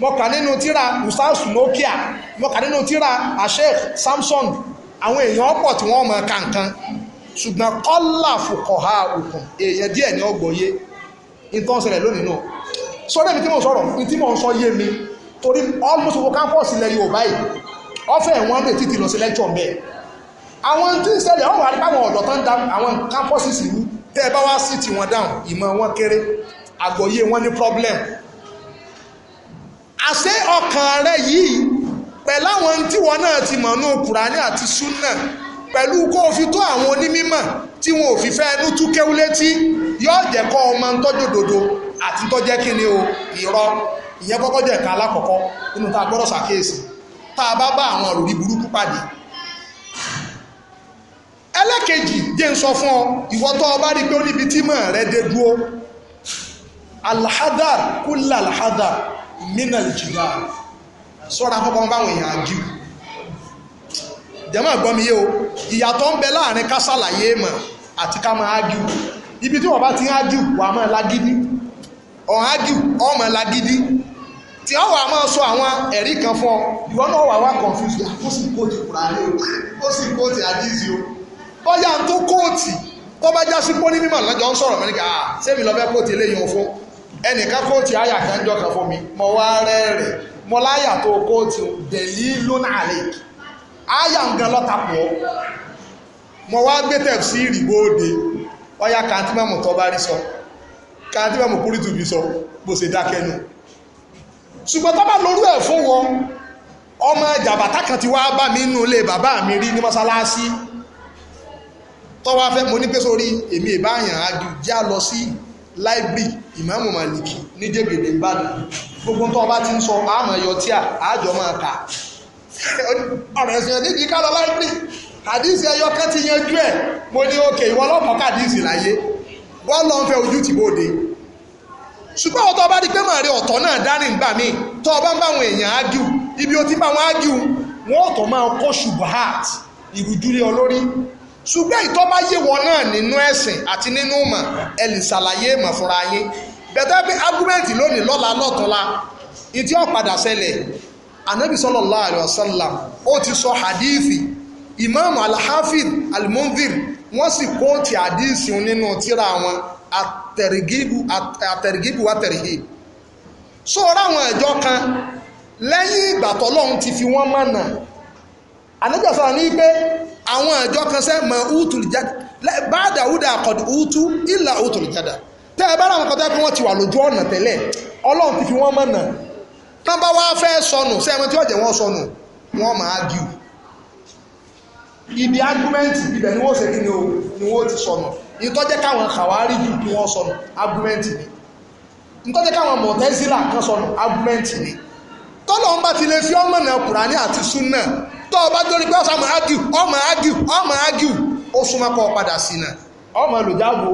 S1: mo kà nínú tíra usas nokia mo nínú tíra asheikh samsung àwọn èèyàn ọ̀pọ̀ tí wọ́n mọ ẹ̀ka nǹkan ṣùgbọ́n kọ́là fúkọ́ ha òkun èèyàn díẹ̀ ní ọgbọ̀n yé ìtàn ṣẹlẹ̀ lónìí náà sọ lẹ́mi tí mo sọ̀rọ̀ tí mo sọ yé mi torí almost gbogbo campus ilẹ̀ Yorùbá yìí ọ̀fẹ́ ẹ̀wọ̀n lè títí lọ sí lẹ́kṣọ̀ mẹ́ẹ̀ àwọn tí ń ṣẹlẹ̀ ọ̀rọ̀ àdìpáwọn ọ̀dọ́ tó ń da àwọn campuses ìlú tẹ́ ẹ bá wá sí tí wọ́n dáhùn ìmọ̀ wọn kéré àgbọ̀yé wọn ní problem àṣé ọkàn rẹ yìí pẹ̀lú àwọn tí wọn náà ti mọ̀ ní Kùránì àti súnà pẹ̀lú kó o fi tó àwọn onímọ̀ tí wọn ò fi fẹ́ ẹnu tú kéwú létí yóò jẹ́ kọ́ ọmọ ntọ́jú òdodo àti ntọ́jẹ́ kí ni o irọ́ ìyẹn kọ́kọ́ jẹ́ ẹ̀ka alákọ̀ọ́kọ́ nínú tá a gbọ́dọ̀ ṣàkíyèsí tá a bá bá àwọn òrùlé burúkú pàdé ẹlẹ́kejì jẹ́ ń sọ fún ọ ìwọ tó bá rí pé ó níbi tí mọ̀ rẹ dé dúró alhadar kúlà alhadar minal jidal sọ́ra fọ́pọ́n báwọn èèyàn àjú jẹ́mọ̀ gbọ́ mi yé o ìyàtọ̀ ń bẹ láàrin ká ṣàlàyé mọ̀ àti ká máa ágìw ibi tí wọ́n bá ti ń ágìw wà máa lágídí ọ̀hún ágìw ọmọ lágídí tí ọ wà máa sọ àwọn ẹ̀rí kan fún ọ ìwọ náà wà wá confused ó sì kóòtù kùrà ní o ó sì kóòtù àdízi o ọyà tó kóòtì tó bá já sí pọ́lí mímọ̀ lọ́jọ́ ń sọ̀rọ̀ mẹ́rin káà sẹ́mi ah, lọ́fẹ́ kóòtì eléyìí fún ẹnìkan kóòtì kan jọ kan fún mi mọ wá rẹ́rẹ̀ mọ láyà tó kóòtì dẹ̀lí lónà àlè ń gan lọ́ta pọ̀ wá gbé sí ọyà tó bá rí sọ sọ ṣùgbọ́n ọmọ ti bá mi bàbá mi rí ní mọ́sálásí tọ́wọ́ afẹ́ mo ní pé sórí èmi ìbáyàn adu já lọ sí láìbírì ìmáàmù màlìkì níjẹ̀gẹ̀dẹ̀ ìbàdàn gbogbo tó ọba ti ń sọ àmọ̀ ẹ̀yọ tí à àjọ máa kà ọ̀rọ̀ ẹ̀sìn ẹ̀ nídìí ká lọ láìbírì kàdíìsì ẹyọ kan ti yanjú ẹ̀ mo ní òkè ìwọ ọlọ́mọ kàdíìsì láyé wọ́n lọ ń fẹ́ ojú ti bóde ṣùgbọ́n ọ̀tọ̀ ọba di pé màá rí ọ̀tọ̀ náà dání nígbà míì tọ́ ọba ń bá àwọn èèyàn ágìw ibi ó ti bá wọn ágìw wọn ọ̀tọ̀ máa kọ́ ṣùgbọ́n heart ìrújúlé olórí ṣùgbọ́n ìtọ́ bá yé wọn náà nínú ẹ̀sìn àti nínú mọ̀ ẹ lè ṣàlàyé mọ̀ fúnra yín bẹ̀tẹ́ bí agúmẹ́ǹtì lónìí lọ́la lọ́tọ́la ìdí ọ̀padà ṣẹlẹ̀ anabi sallallahu alaihi wasallam ó ti sọ hadithi imam alhafid almunzir wọ́n sì kóòtì hadithi nínú tíra wọn àtẹ̀rìgìbù àtẹ̀rìgìbù àtẹ̀rìgìbù so ráwọn ẹ̀jọ́ kan lẹ́yìn ìgbà tọ́lọ́run ti fi wọ́n mọ̀nà anabi sallallahu ní pé àwọn àjọ kan sẹ́ mọ útùlù jáde báàdà údà àkọ́dù útù ìlà útùlù jáde tẹ́ ẹ bá rà wọn kọ́tà pé wọ́n ti wà lójú ọ̀nà tẹ́lẹ̀ ọlọ́run ti fi wọ́n mọ̀ nà tán bá wá fẹ́ sọnù sẹ́ ẹ̀mọ́ tí ọ̀jẹ̀ wọn sọnù wọ́n máa dù ibi agúmẹ́ǹtì ibẹ̀ ni wọ́n ṣe kí ni wọ́n ti sọnù ìtọ́jẹ́ káwọn kàwárí jù kí wọ́n sọnù agúmẹ́ǹtì ni ìtọ́jẹ́ káwọn mọ̀tẹ́sílà kan sọnù agúmẹ́ǹtì ni tọ́lọ́ ń bá tó o bá dórí pé ọ̀sán máa ágìw ọ̀ máa ágìw ọ̀ ó súnmọ́ kọ́ padà sí náà ọ̀ máa lò jáàbò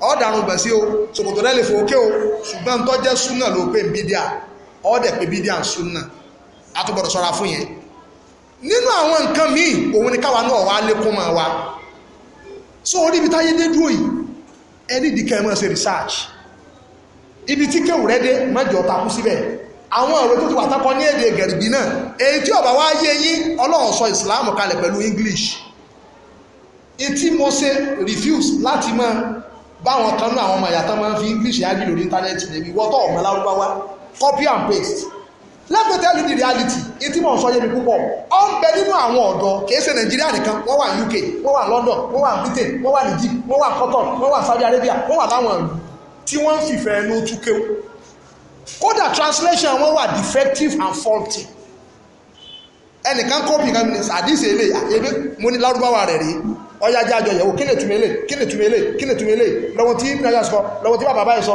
S1: ọ̀ o ṣòkòtò rẹ̀ fò ókè o ṣùgbọ́n tó jẹ́ súnà ló pé bídíà pé bídíà ni káwa náà wá lékún máa wa so orí ibi táyé dé dúró yìí ẹni research ibi tí rẹ dé àwọn ọ̀rọ̀ tó ti wà tán kọ ní èdè gẹ̀rìbì náà èyí tí ọ̀bà wá yé yín ọlọ́run sọ islam kalẹ̀ pẹ̀lú english etí mo ṣe refuse láti máa báwọn kan náà àwọn ọmọ ìyàtọ̀ máa ń fi english yájú lórí íńtánẹ́ẹ̀tì lèmi wọ́tọ̀ ọ̀mọ lárúbáwá copy and paste let me tell you the reality etí mo ń sọ yé mi púpọ̀ ọ ń bẹ nínú àwọn ọ̀dọ́ kìí ṣe nàìjíríà nìkan wọ́n wà uk wọ́n wà london wọ́n wà britain wọ́n wà egypt wọ́n wà qatar wọ́n wà saudi arabia wọ́n wà láwọn ìlú tí wọ́n ń fìfẹ́ ẹnu túkéwù kódà translation wọn wà defective and faulty ẹnìkan kọ́pì kan ní àdìsí èlé èlé mo ní lárúbáwá rẹ̀ rí ọyá jájọ yẹ̀wò kí ni túnmí èlé kí ni túnmí èlé kí ni túnmí èlé lọ́wọ́ tí nàìjíríà sọ lọ́wọ́ tí bàbá báyìí sọ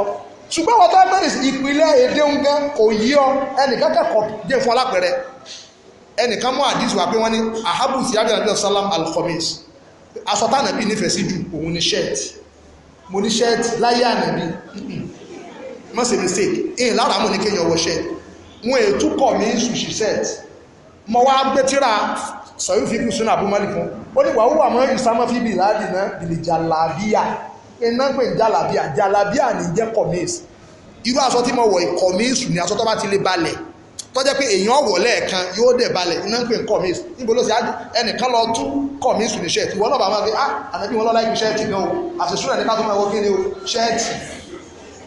S1: ṣùgbọ́n wọ́n táwọn mẹ́rin ìpìlẹ̀ èdè ń gan kò yí ọ ẹnìkan kẹ́kọ̀ọ́ jẹ́ fún alápẹ̀rẹ̀ ẹnìkan mú àdìsí wà pé wọ́n ní ahabu ti yàgbé nàbí ọ̀sálàm alkhamis aṣọ tánàbí nífẹ̀ẹ́ sí ju òun ní ṣẹ́ẹ̀tì mo ní ṣẹ́ẹ̀tì láyé ànàbí má ṣe mistake èyí lára mú ní kéèyàn wọṣẹ́ wọn ètú kọ̀ mí ń ṣùṣì set mo wá gbé tíra sọ̀rọ̀ fi kú sínú àbúmọ́lì fún ó ní wàá wà mọ́ ìsámọ́ fi bìláàdì náà bìlì jàlábíà iná pè ní jàlábíà jàlábíà ní jẹ́ kọ̀míìsì irú aṣọ tí mo wọ̀ ìkọ̀míìsì ní aṣọ tó bá ti lè balẹ̀ tó jẹ́ pé èèyàn wọ̀ lẹ́ẹ̀kan yóò dẹ̀ balẹ̀ iná pè ní kọ̀míìsì níbo ló ṣe á ẹnìkan lọ tú kọ̀míìsì ní ṣẹ́ẹ̀tì ìwọ náà bá máa fi ah àtẹ̀bí wọn lọ́la ìbí ṣẹ́ẹ̀tì gan o àṣìṣúrẹ̀ nípa tó máa wọ kí ni o ṣẹ́ẹ̀tì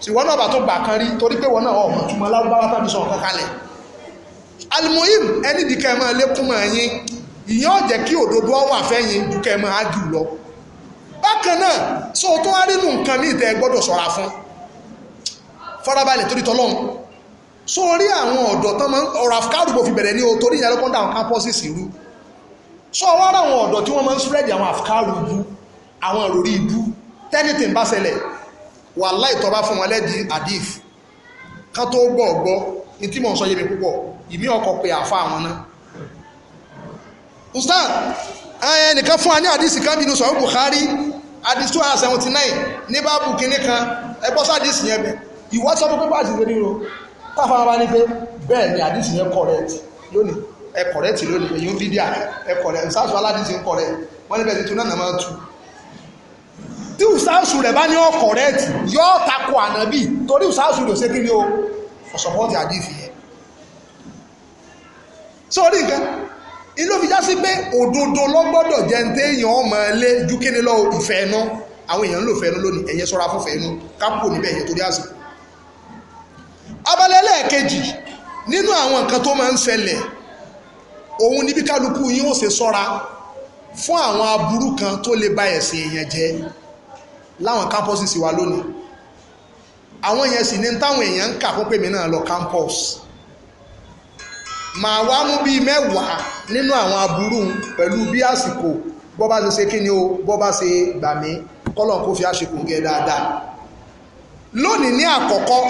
S1: ṣùgbọ́n náà bà tó gbà kan rí torí pé wọn náà ọmọ túmọ̀ lárúbáwá tàbí sọ ọ̀kan kalẹ̀ alimoyim ẹni dìkẹ́ máa lékún mọ́ ẹyin ìyẹn ọ̀jẹ̀ kí òdodo ọwọ́ àfẹ́yìn dùkẹ́ máa á jù lọ bákan náà sọ tó wá nínú nǹkan míì tẹ́ gbọ́dọ̀ ṣọ́ra fún fọ́nrabàlẹ̀ torí tọ́lọ́run so orí àwọn ọ̀dọ́ tán máa ń ọ̀rọ̀ àfikàrù bó fi bẹ̀rẹ̀ ní o torí ìyẹn lọ́kọ́ dáhùn campuses irú so wá ra àwọn ọ̀dọ́ tí wọ́n máa ń spread àwọn àfikàrù ibú àwọn ìròrí ibú tẹ́nìtì ń bá ṣẹlẹ̀ wàláì tó bá fún wọn lẹ́dí àdìf ká tó gbọ́ ọ̀gbọ́ ní tí mò ń sọ yé mi púpọ̀ ìmí ọkọ̀ pé àfa àwọn náà ustaz ẹnìkan fún wa ní àdìsí kan bínú sọ̀rọ̀ Bukhari àdìsí two hundred seventy nine ní báàbù kínní kan ẹ bọ́ sádìsí yẹn bẹ̀ ìwọ sọ pé bá àdìsí yẹn ro táfà bá ní pé bẹ́ẹ̀ ni àdìsí yẹn correct lónìí ẹ correct lónìí èyí ń fídíà ẹ correct ṣáàṣù aládìsí ń correct wọ́n ní bẹ́ẹ̀ ti tún náà nà máa tù tí ìsáàsù rẹ̀ bá ní ọkọ̀ rẹ̀ tì yóò takò ànábì torí ìsáàsù rẹ̀ ò ṣe kí ni o ọ̀sọ̀pọ̀tì àdìfì yẹn sórí nǹkan inú fi já sí pé òdodo ló gbọ́dọ̀ jẹ́ ní téèyàn ọmọ ilé ju kí ni lọ ìfẹ́ ẹnu àwọn èèyàn ń lò fẹ́nu lónìí ẹ̀yẹ sọ́ra fún fẹ́nu kápò níbẹ̀ ẹ̀yẹ torí àsìkò abalẹ̀ ẹlẹ́ẹ̀kejì nínú àwọn nǹkan tó máa ń ṣẹlẹ̀ òun níbi kálukú yín ó ṣe sọ́ra fún àwọn aburú kan tó lè ba ẹ̀sìn èèyàn jẹ́ láwọn campuses wa lónìí àwọn yẹn sì ní táwọn èèyàn ń kà fún pèmí náà lọ campus màá wá mú bíi mẹ́wàá nínú àwọn aburú pẹ̀lú bí àsìkò bọ́ bá ṣe ṣe kí ni o bọ́ bá ṣe gbà mí kọ́lọ̀ kó fi àṣekù gẹ̀ dáadáa lónìí ní àkọ́kọ́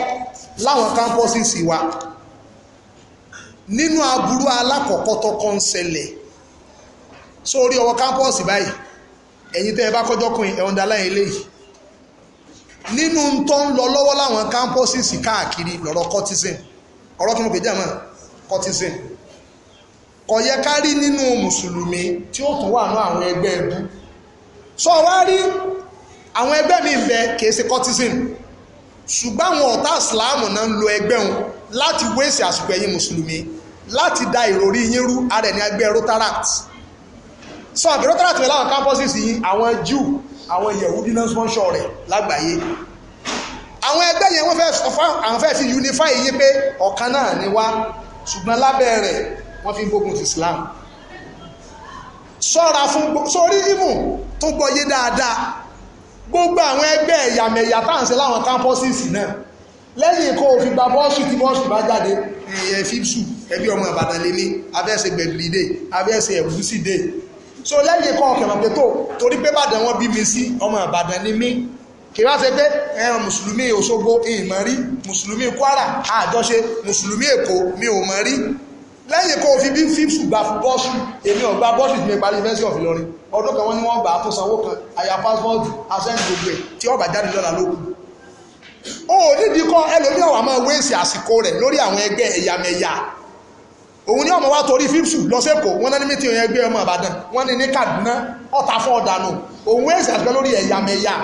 S1: láwọn campuses wa nínú aburú alákọ̀ọ́kọ́ tó kọ́ ń ṣẹlẹ̀ sórí ọwọ́ campus báyìí ẹ̀yin tẹ́ ẹ bá kọjọ́ kùn ẹ̀ underline eléyìí nínú tó ń lọ lọ́wọ́ láwọn campuses káàkiri lọ́rọ̀ cortisone ọ̀rọ̀ tó mo pè jẹ́ mọ́ cortisone kò yẹ ká rí nínú mùsùlùmí tí ó tún wà ní àwọn ẹgbẹ́ ẹbú sọ wá rí àwọn ẹgbẹ́ mi ń bẹ kìí ṣe cortisone ṣùgbọ́n àwọn ọ̀tá islam náà ń lo ẹgbẹ́ wọn láti wéṣẹ̀ àsìkò ẹ̀yin mùsùlùmí láti da ìròrí yín rú ara ní ẹgbẹ́ rotaract sọ àbí rotaract rẹ̀ láwọn campuses yìí àwọn Jew àwọn yẹ̀wúdí náà sponsor rẹ̀ lágbàáyé àwọn ẹgbẹ́ yẹn wọ́n fẹ́ sọfá àwọn fẹ́ fi unify yí pé ọ̀kan náà ni wá ṣùgbọ́n lábẹ́ rẹ̀ wọ́n fi gbógun ti Islam sọ́ra fún sórí ìmù tó gbọ́yé dáadáa gbogbo àwọn ẹgbẹ́ ẹ̀yàmẹ̀yà tá à ń ṣe láwọn campuses náà lẹ́yìn kó o fi gba bọ́ọ̀sù tí bọ́ọ̀sù bá jáde ẹ̀yẹ fífsù ẹbí ọmọ Ìbàdàn lélẹ̀ abẹ́sẹ̀ gbẹ̀gbìlì dé abẹ́sẹ̀ ẹ̀gúsì dé so lẹ́yìn kan ọ̀kẹ́ mọ̀ pé tó torí pé bàdàn wọn bí mi sí ọmọ ìbàdàn ni mí kì í wá ṣe pé ẹran mùsùlùmí òṣogbo ìmọ̀ rí mùsùlùmí kwara àjọṣe mùsùlùmí èkó mi ò mọ̀ rí lẹ́yìn kó fi bí fífù gba bọ́ọ̀sù èmi ò gba bọ́ọ̀sù ìdílé parí university of Ìlọrin ọdún kan wọ́n ní wọ́n gbà á tó sanwó kan àyà passport asẹ́ni gbogbo ẹ̀ tí ọba jáde lọ́la ló kù. ó nídìí kọ́ ẹlòmíọ̀wá máa wéèsì àsìkò rẹ̀ lórí àwọn ẹgbẹ́ ẹ̀yàmẹ̀yà òun ní ọmọ wa torí fífṣù lọ́sẹ̀kọ̀ wọ́n náà ní mítí òyìn ẹgbẹ́ ọmọ Ìbàdàn wọ́n ní ní Kaduna ọ̀tà fún ọ̀dànù òun èsì àtúgbẹ́ lórí ẹ̀yàmẹ̀yà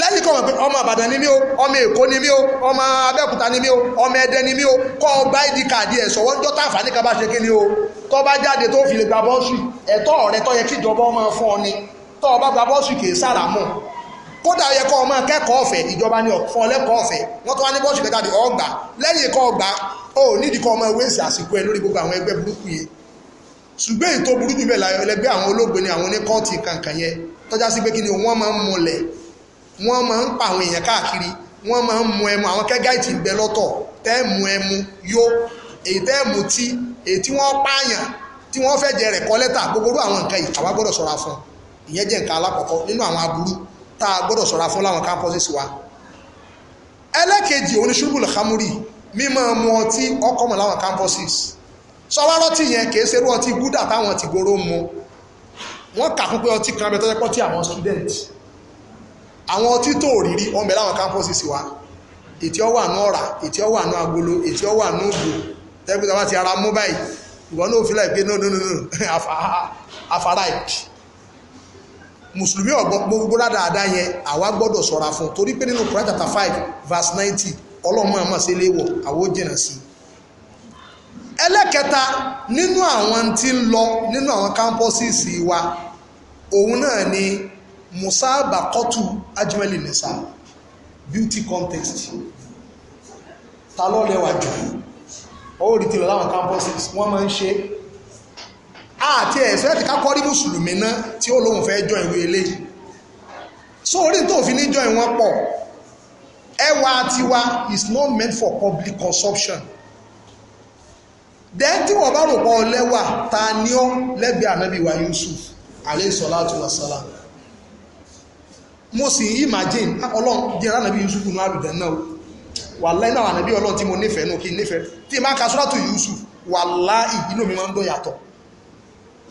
S1: lẹ́yìn kan ọmọ Ìbàdàn ni mí o ọmọ Èkó ni mí o ọmọ Abẹ́òkúta ni mí o ọmọ Ẹdẹ ni mí o kọ́ ọgbà ìdí káàdì ẹ̀ sọ̀wọ́n jọ́ tá àǹfààní kan ṣe kíni o tọ́ bá jáde tó fi lè gba bọ́ọ̀sì ẹ̀tọ́ rẹ tọ́ yẹ kíjọba ọmọ fún ọ ni tọ́ ọ bá gba bọ́ọ̀sì kì í sàràmù kódà yẹ kọ́ ọmọ kẹ́kọ̀ọ́ ọ̀fẹ́ ìjọba ní ọ̀fọ́ lẹ́kọ̀ọ́ ọ̀fẹ́ wọ́n tó wá ní bọ́ọ̀sì di ọgbà lẹ́yìn kọ́ ọgbà ó nídìí kọ́ ọmọ ewé àsìkò ẹ lórí gbogbo àwọn ẹgbẹ́ burúkú yẹn ṣùgbọ́n èyí tó burú jù bẹ́ẹ̀ lẹ́gbẹ́ àwọn olóògbé ni àwọn oníkọ́ọ̀tì kankan tọ́já sí pé kí ni wọ́n máa ń mulẹ̀ wọ́n máa ń pa àwọn èèyàn káàkiri wọ́n máa ń mu ẹmu àwọn àwọn tá a gbọ́dọ̀ ṣọ́ra fún láwọn campuses wa ẹlẹ́kejì oníṣubùlù hamuri mímọ́ mu ọtí ọkọ̀ mọ̀ láwọn campuses sọwárọ́ tí yẹn kìí ṣerú ọtí gúdà táwọn ti gbòòrò mu wọ́n kà fún pé ọtí kan bẹ tọ́jọ́ pọ́ tí àwọn student àwọn ọtí tó rírí wọ́n bẹ láwọn campuses wa ètí ọ wà nù ọ̀rà ètí ọ wà nù agolo ètí ọ wà nù ògbò tẹ́gbẹ́ta bá ti ara mú báyìí ìwọ náà fi láì pé no no no no afara ìpì mùsùlùmí ọ̀gbọ́n gbogbo dáadáa yẹn àwa gbọ́dọ̀ sọ̀ra fún torí pé nínú Quran chapter five verse ninety ọlọ́mọ àmọ́ ṣe léwọ̀ àwọn jìnnà sí i. ẹlẹ́kẹta nínú àwọn tí ń lọ nínú àwọn kámpọ́sìsì wa òun náà ni musa bakotu ajimali nisa beauty contest ta ló lẹ́wà jù ó rí tirẹ̀ láwọn kámpọ́sìsì wọ́n máa ń ṣe é àti ẹ̀sẹ̀ ti kákọ́ rí mùsùlùmí náà tí ó lóun fẹ́ jọ ìwé eléyìí so orí tó fi ní jọ ìwọ̀n pọ̀ ẹwà tiwa is not meant for public consumption then tí wọ́n bá rò pọ̀ lẹ́wà ta ni ó lẹ́gbẹ̀ẹ́ ànábì wa Yusuf alayhi salatu wa salam mo sì imagine ah, ọlọ́run jẹ́ ànábì Yusuf nù àlùdẹ̀ náà wàláì náà ànábì ọlọ́run tí mo nífẹ̀ẹ́ náà kí n nífẹ̀ẹ́ tí n bá ka suratu Yusuf wàláì inú mi máa ń dọ̀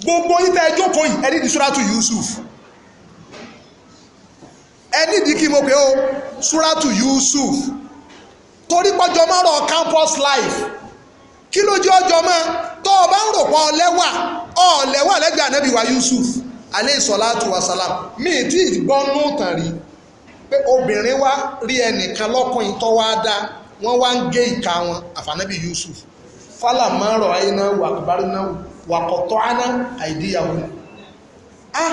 S1: gbogbo yíta ẹjọ́ kò yìí ẹni di suratu Yusuf ẹni di kí mo pè ó suratu Yusuf torí pọ́jọ́ máa rọ campus life kí ló jẹ́ ọjọ́ máa tó o bá ń rò pọ̀ lẹ́wà ọ̀ lẹ́wà lẹ́gbẹ̀ẹ́ ànábì Yusuf aleyhi salatu wa salam mi ti gbọ́nú tàn rí pé obìnrin wa rí ẹnìkan lọ́kùnrin tó wá dá wọ́n wá ń gé ìka wọn àfànábì Yusuf fálà máa rọ̀ ayé náà wà àkùbárí náà wò wàkọ̀tọ̀ aná àìdíyàwó a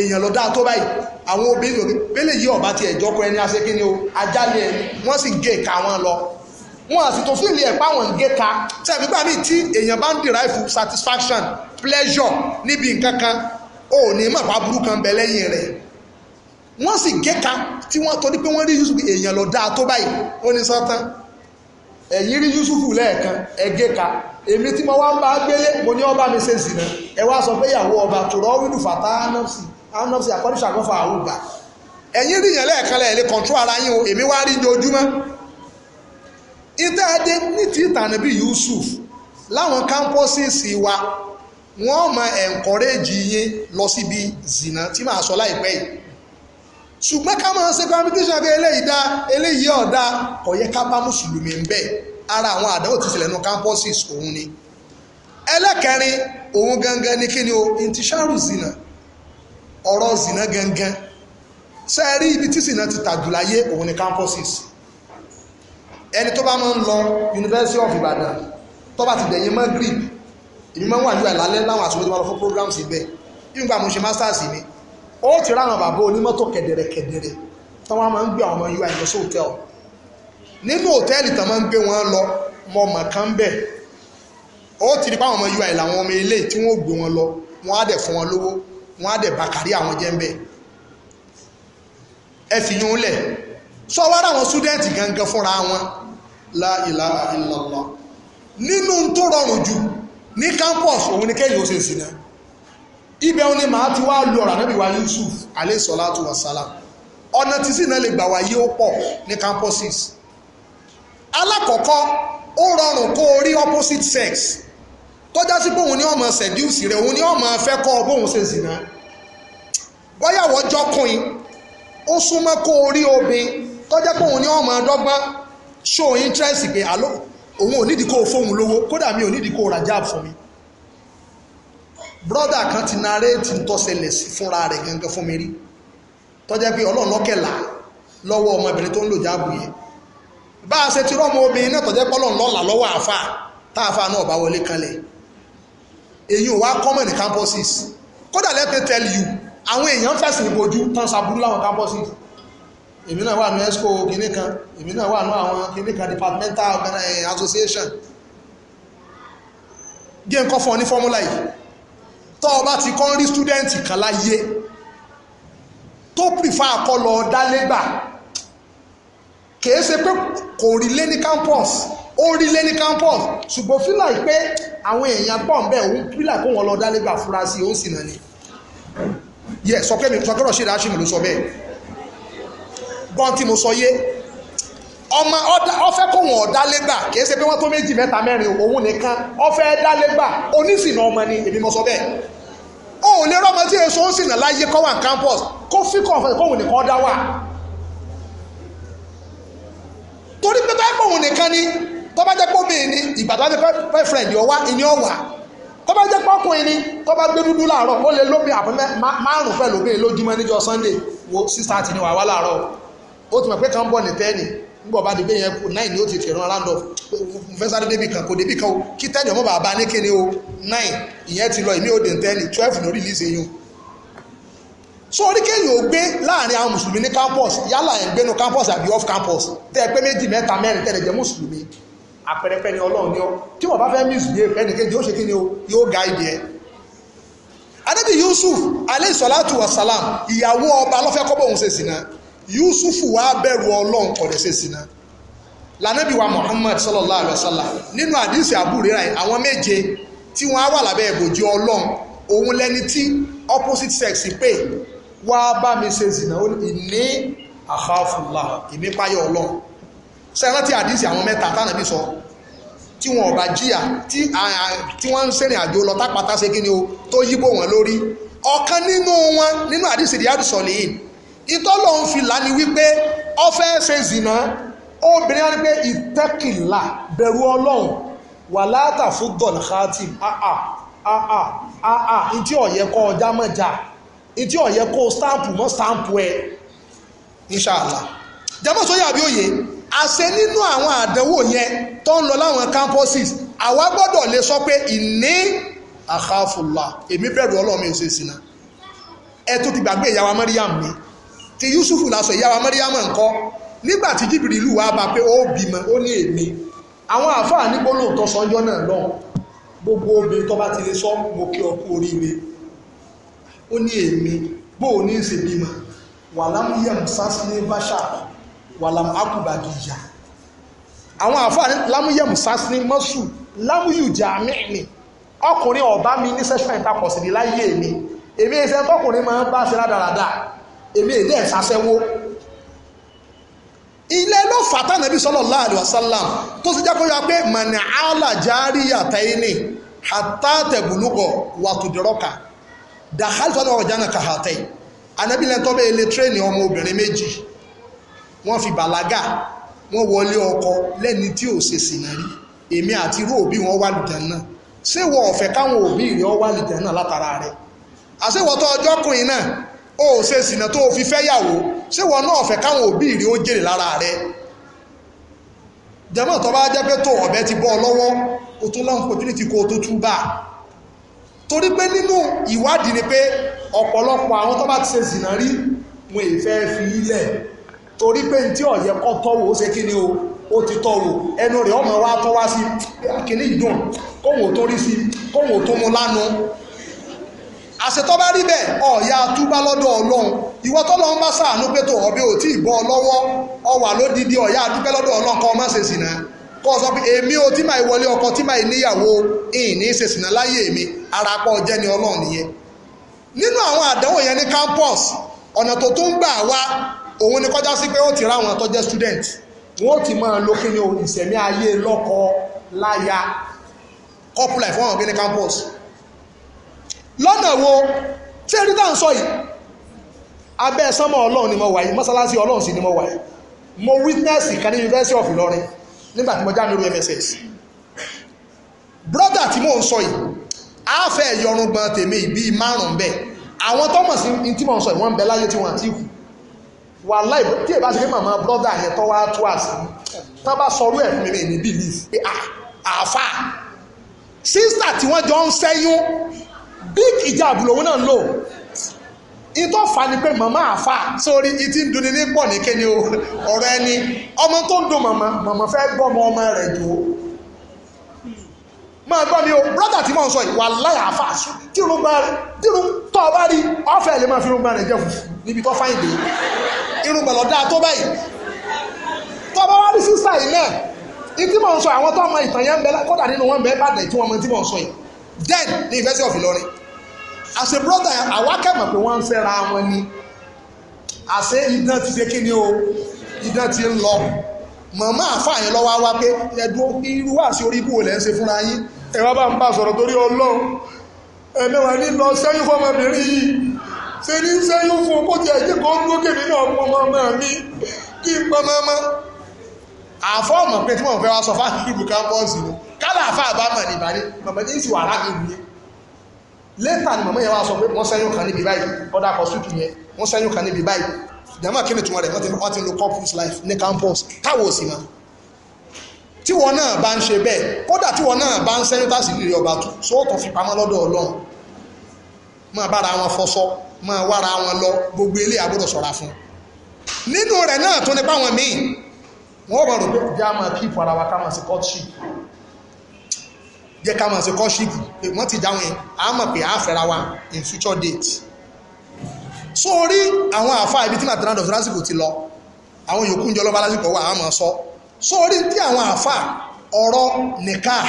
S1: èèyàn lọ dáa tó báyìí àwọn obìnrin òbí pélé yìí ọba ti ẹjọ kọ ẹni aṣẹ kíni o ajálẹ ẹni wọn sì gé ìka wọn lọ wọn àti tó fìlì ẹ pa wọn gé ka tẹbi gbàmí tí èèyàn bá ń derive satisfaction pleasure níbi nǹkan kan ò ní mọ̀ pa burú kan bẹ lẹ́yìn rẹ̀ wọ́n sì gé ka tí wọ́n torí pé wọ́n rí èèyàn lọ dáa tó báyìí ó ní sọ́tán ẹ̀yin rí Yusufu lẹ́ẹ̀kan ẹ̀gẹ́ ka èmi tí mo wá ń bá gbélé mo ní ọba mi ṣe sí náà ẹ sọ pé ìyàwó ọba tòrọ wílù fàtà anọ́sì anọ́sì àkọ́díṣà kan fà áwùgbà
S2: rí yẹn lẹ́ẹ̀kan lẹ́ẹ̀lẹ́ kọ̀ǹtró ara yín o èmi wá rí
S1: ojoojúmọ́ ní ti ìtànà Yusuf láwọn kámpọ́sìsì wa wọ́n yín lọ síbi zìnà ṣùgbọ́n ká máa ṣe competition pé eléyìí dá eléyìí ọ̀dá kò yẹ ká bá mùsùlùmí ń bẹ̀ ara àwọn àdánwò ti ṣẹlẹ̀ nù campuses òun ni ẹlẹ́kẹrin òun gangan ni kí ni o intisharu zina ọ̀rọ̀ zina gangan ṣe é rí ibi tí zina ti tàjù láyé òun ni campuses ẹni tó bá máa ń lọ University of Ibadan tó bá ti dẹ̀yìn mọ́ grip
S2: èmi máa ń wà nígbà lálẹ́
S1: láwọn àṣọ tó bá lọ ó ti ráwọn bàbá onímọ́tò kẹ̀dẹ̀rẹ̀kẹ̀dẹ̀rẹ̀ tí wọ́n máa ń gbé àwọn ọmọ ui lọ sí hòtẹ́ẹ̀lì nínú hòtẹ́ẹ̀lì tí wọ́n máa ń gbé wọn lọ mọ ọmọ kan bẹ̀ ó ti rí báwọn ọmọ ui làwọn ọmọ ilé tí wọ́n gbé wọn lọ wọ́n á dẹ̀ fún wọn lówó wọ́n á dẹ̀ bá kárí àwọn jẹ́ ń bẹ̀ ẹ fi yún lẹ̀ sọ wá ráwọn súdẹ́ǹtì gangan fúnra wọn la ilaha illallah nínú tó rọrùn jù ní campus òun ni kéèyàn ó ṣe sí náà ibẹ̀ òun ni màá ti wá lu ọ̀rọ̀ ànábì wa Yusuf alayhi salatu wassalam ọ̀nà tí sì náà lè gbà wáyé ó pọ̀ ní campuses alákọ̀ọ́kọ́ ó rọrùn kó o rí opposite sex tó já sí pé òun ni ó máa seduce rẹ̀ òun ni ó máa fẹ́ kọ́ ọ bóun ṣe zìnà bọ́yàwó jọkùnrin ó súnmọ́ kó o rí obìn tó jẹ́ pé òun ni ó máa dọ́gbọ́n show interest pé àlọ́ òun ò nídìí kó o fóun lówó kódà mi ò nídìí kó o ra jab fún mi Brother, kan ti narrate ń tọ́sẹlẹ̀ sí fúnra rẹ̀ gangan fún mi rí tọ́jẹ́ pé ọlọ́run lọ́kẹ̀lá lọ́wọ́ ọmọbìnrin tó ń lò jáàbù yẹn bá a ṣe ti rọ́mọ obìnrin náà tọ́jẹ́ pọ́lọ́n lọ́là lọ́wọ́ àáfà tá àáfà náà bá wọlé kanlẹ̀ èyí ò wá common campuses kódà let me tell you àwọn èèyàn fẹ̀sìn ìbojú tán ṣàbúrú láwọn campuses èmi náà wà ní esco kìíní kan èmi náà wà ní àwọn kìíní kan departmental eh, association gé nǹkan fún ọ ní fọ́múlà yìí tó o bá ti kọ́ rí stúdẹ́ǹtì kan láyé tó prefer akọlọ ọ̀dálẹ́gbà kìí ṣe pé kò rí lé ní campus ó rí lé ní campus ṣùgbọ́n fílà pé àwọn èèyàn pọ̀ ń bẹ̀ òun fílà kó wọn lọ ọ̀dálẹ́gbà fura sí òun sì náà ni yẹ sọkẹ́mi sọkẹ́rọ̀ ṣe dáṣì mi ló sọ bẹ́ẹ̀ gbọ́n tí mo sọ yé ọmọ ọfẹ́ kó wọn ọ̀dálẹ́gbà kìí ṣe pé wọ́n tó méjì mẹ́ta mẹ́rin òun nìkan ọfẹ́ dálégbà onísìnà ọmọ ni èmi mo sọ bẹ́ẹ̀ o ò lè rọ́mọ tí èso ń sìnà láyé kọ́ wà campus kó fi kọ̀ọ̀fẹ́ kóhùn nìkan dá wà torí pé báyìí kóhùn nìkan ni tó bá jẹ́ pé omi ni ìgbà tó bá jẹ́ pé friend yọ wá ìní ọ̀wà tó bá jẹ́ pé ọkùnrin ni tó bá gbé dúdú láàárọ̀ ó lè lóbi àpẹ́ márùn-ún pẹ̀lú obìnrin lójúmọ́ níjọ́ Sunday wo sísá àti ni wàá wá láàárọ̀ ó ti mọ̀ pé kan bọ̀ ní tẹ́ẹ̀nì ngbọ̀ bá di pé yẹn kú nine ni ó ti tẹ̀ràn round off fẹ́ sáré kan kò débì kan o kí tẹ́lẹ̀ ọmọ bàbá ní kíni o nine ìyẹn ti lọ ìmí òde ntẹ́ni twelve ní release eyín so orí kéèyàn ò gbé láàrin àwọn mùsùlùmí ní campus yálà ẹ̀ ń gbénu campus àbí off campus tẹ́ ẹ pé méjì mẹ́ta mẹ́rin tẹ́lẹ̀ jẹ́ mùsùlùmí àpẹrẹpẹ ni ọlọ́run ni ọ tí wọ́n bá fẹ́ misbehave ẹnìkejì ó ṣe kí ni o yóò ga ibi ẹ̀ adébí Yusuf aleyhisalatu wasalam ìyàwó ọba lọ́fẹ́ kọ́bọ̀ òun ṣe sìnà Yusufu wa bẹ̀rù ọlọ́run kọ̀dẹ̀ ṣe sí náà lànàbí wa Muhammad sallallahu alayhi wa sallam nínú àdìsí àbúrẹ́ra yìí àwọn méje tí wọ́n á wà lábẹ́ ìbòjú ọlọ́run òun lẹni tí opposite sex pè wá bá mi ṣe zìnà ó ní àkàfùlà èmi páyọ̀ ọlọ́run sẹ́yìn láti àdìsí àwọn mẹ́ta tánàbí sọ tí wọn ọba jìyà tí wọ́n ń sẹ́rìn àjò lọ tápátá ṣe kí ni o tó yíbò wọn lórí ọ̀kan nínú wọn nínú àdìsí ríadùsọ̀ nìyí ìtọ́lọ̀ ń fi là ní wípé ọfẹ́ ṣe zìnà obìnrin á ní pé ìtẹ́kìlá bẹ̀rù ọlọ́run wà látà fún gọ̀nà káàtì àà àà àà ìtí ọ̀yẹ́ kọ́ ọjà mọ́jà ìtí ọ̀yẹ́ kó stampu mọ́ stampu ẹ̀ inṣàlá jẹ́mọ́ sóyà bí òye àṣẹ nínú àwọn àdánwò yẹn tó ń lọ láwọn campuses àwa gbọ́dọ̀ lè sọ pé ìní àkàfùlà èmi bẹ̀rù ọlọ́run mi ò ṣe sí náà ẹ tó ti gbàgbé ìyàwó amáríyàm ni ti Yusufu la sọ ìyá wa Mariama ńkọ́ nígbà tí Jibirilu wá bá pé ó bímọ ó ní èmi àwọn àáfàá ní gbólóhùn tó sọjọ́ náà lọ gbogbo obìnrin tó bá ti lè sọ mo kí ọ kú oríire ó ní èmi bó o ní í ṣe bímọ wàlám yẹm sásílẹ̀ báṣà wàlám akùbàdì ìyá àwọn àáfàá ní lámúyẹm sásílẹ̀ mọ́sù lámúyùjà mẹ́ẹ̀mí ọkùnrin ọ̀bá mi ní sẹ́ṣọ́ ìtakọ̀sílẹ̀ láyé mi èmi ìṣẹ́ tọkùnrin máa ń bá ṣe rádaràda èmi èdè ẹ̀ sasẹ́wó ilé ló fà tánàbí sallallahu alaihi wasallam tó sì jẹ́ kó yọ pé mọ̀nà àlàjárí àtẹ́yìnì àtàtẹ̀bùlùkọ̀ wàtòdìrọ́kà dàhálítọ́ ní ọjà náà kàhàtẹ́ ànábì lẹ́tọ́ bẹ́ẹ̀ lè tírẹ́nì ọmọ obìnrin méjì wọ́n fi bàlágà wọ́n wọlé ọkọ lẹ́ni tí ò ṣe sìnà rí èmi àti irú òbí wọn wà lùjẹ̀ náà ṣé wọ́n ọ̀fẹ́ káwọn òbí rẹ̀ wà lùjẹ̀ náà látara rẹ̀ àṣewọ́tọ́ ọjọ́kùnrin náà o ò ṣe sìnà tó o fi fẹ́ yàwó ṣé wọn náà fẹ́ káwọn òbí rí ó jèrè lára rẹ jẹ́mọ̀ tó bá jẹ́ pé tó ọ̀bẹ ti bọ́ ọ lọ́wọ́ o tún láwọn opportunity kó o tó tú bá torí pé nínú ìwádìí ni pé ọ̀pọ̀lọpọ̀ àwọn tó bá ti ṣe sìnà rí wọn è fẹ́ fi ilẹ̀ torí pé ní tí ọ̀yẹ́ kọ́ tọ́wọ́ ó ṣe kí ni o ó ti tọ́wọ́ ẹnu rẹ̀ ọmọ wa tọ́ wá sí kíní ìdùn kóhùn tó rí sí kóhùn tó mu lánàá àṣetọ́ bá rí bẹ́ẹ̀ ọ̀ya túbá lọ́dọ̀ ọlọ́run ìwọ tó lọ́n bá sàánú pé tó ọ̀bẹ ò tí ì bọ́ ọ lọ́wọ́ ọ wà lódìdí ọ̀ya dúpẹ́ lọ́dọ̀ ọlọ́run kọ́ ọ má ṣe sìnà kọ́ ọ sọ pé èmi ò tí màá wọlé ọkọ tí màá níyàwó ìní ṣe sìnà láyé mi ara pọ̀ jẹ́ ni ọlọ́run nìyẹn nínú àwọn àdánwò yẹn ní campus ọ̀nà tó tó ń gbà wá òun ni kọjá sí pé ó ti ráwọn tó jẹ́ student wọ́n ti máa lo kí ni ìṣẹ̀mí ayé lọ́kọ láya couple life wọ́n wọ́n gbé campus lọ́nà wo tí erí náà ń sọ yìí abẹ́ sánmọ́ ọlọ́run ni mo wà yìí mọ́sálásí ọlọ́run sì ni mo wà yìí mo witness kan ní University of Ìlọrin nígbà tí mo já lórí MSS brother tí mò ń sọ yìí àáfẹ́ yọrùn gbọ́n tèmi bíi márùn-ún bẹ́ẹ̀ àwọn tó mọ̀ sí ní tí mò ń sọ yìí wọ́n ń bẹ láyé tí wọ́n àti kù wàláì tí èbá ṣe pé màmá brother yẹn tó wá tó àṣì tó bá sọrú ẹ̀ fún mi ní belief pé ah, àáfà sister tí wọ́n jọ ń sẹ́yún big hijab lòun náà lò ìtọ́ fa ni pé màmá àfa sórí ìtì ń dunni ní pọ̀ ní kéde ọ̀rọ̀ ẹni ọmọ tó ń dun màmá màmá fẹ́ gbọ́mọ ọmọ rẹ̀ jù ú máa gbọ́ mi o brọ́dà tí mò ń sọ yìí wà láyà àfa tí irun bá rẹ̀ tí irun tọ́ ọ bá rí ọ̀fẹ́ lè máa fi irun bá rẹ̀ jẹ́ fùfú níbi tó fáyìn dé irun bẹ̀lọ̀ dáa tó báyìí tọ́ bá wá rí sísá yìí náà ìtí mò ń sọ àwọn tó ọmọ ìtàn yẹn ń bẹ kódà nínú wọn bẹ́ẹ̀ bàdàn tí then ní ìfẹ́sí ọ̀fìn lọ́rin As àṣẹ brọ́dà àwa kẹ̀mọ̀ pé wọ́n ń fẹ́ra wọn ni àṣẹ idán ti ṣe kí ni o idán ti ń lọ màmá àfààyàn lọ́wọ́ wá pé ẹ̀dùn irú àṣẹ orí ibú lẹ́ ń ṣe fúnra yín ẹ wá bá ń bá sọ̀rọ̀ torí ọlọ́run ẹ̀mẹ́wàá ní lọ sẹ́yìn fọmọbìnrin yìí ṣe ní sẹ́yìn fún kó ti ẹ̀jẹ̀ kó ń gbókè nínú ọmọ ọmọ mi kí n pọn mọ́mọ́ àfọ́ọ̀mọ̀ pé tí wọ́n fẹ́ wá sọ fáwọn ìlú kámpọ́ọ̀sì ni kálá àfáà bá mọ̀ nígbà ní màmá ní ìsìwàrà mi nìyẹn Later, ni màmá yẹn wá sọ pé wọ́n sẹ́yìn kan níbi báyìí ọ̀dà kan sútù yẹn wọ́n sẹ́yìn kan níbi báyìí jama kí ni tiwọn rẹ̀ wọ́n ti lo corpus life ní campus káwọ́ sí ma tíwọ náà bá ń ṣe bẹ́ẹ̀ kódà tíwọ náà bá ń sẹ́yìn tàṣí ìrírí ọba tó sóòtún fi pamọ́ lọ́dọ̀ ọlọ́run máa bára wọn fọṣọ máa wára wọn lọ gbogbo ilé àbúrò ṣọ́ra fún nínú rẹ̀ náà tó nípa wọn míì wọ́n bọ̀ rò pé jama kí ìfọ̀ ara wa ká máa ṣe courtship jẹ́ ká máa ṣe kọ́ṣíìpù pé wọ́n ti dáwọn àmọ̀ pé a fẹ́ra wa in future date so orí àwọn àfa ibi tí màtí náà dọ̀tí lásìkò ti lọ àwọn yòókù ń jọ lọ́ba lásìkò wà á máa sọ so orí tí àwọn àfa ọ̀rọ̀ nikah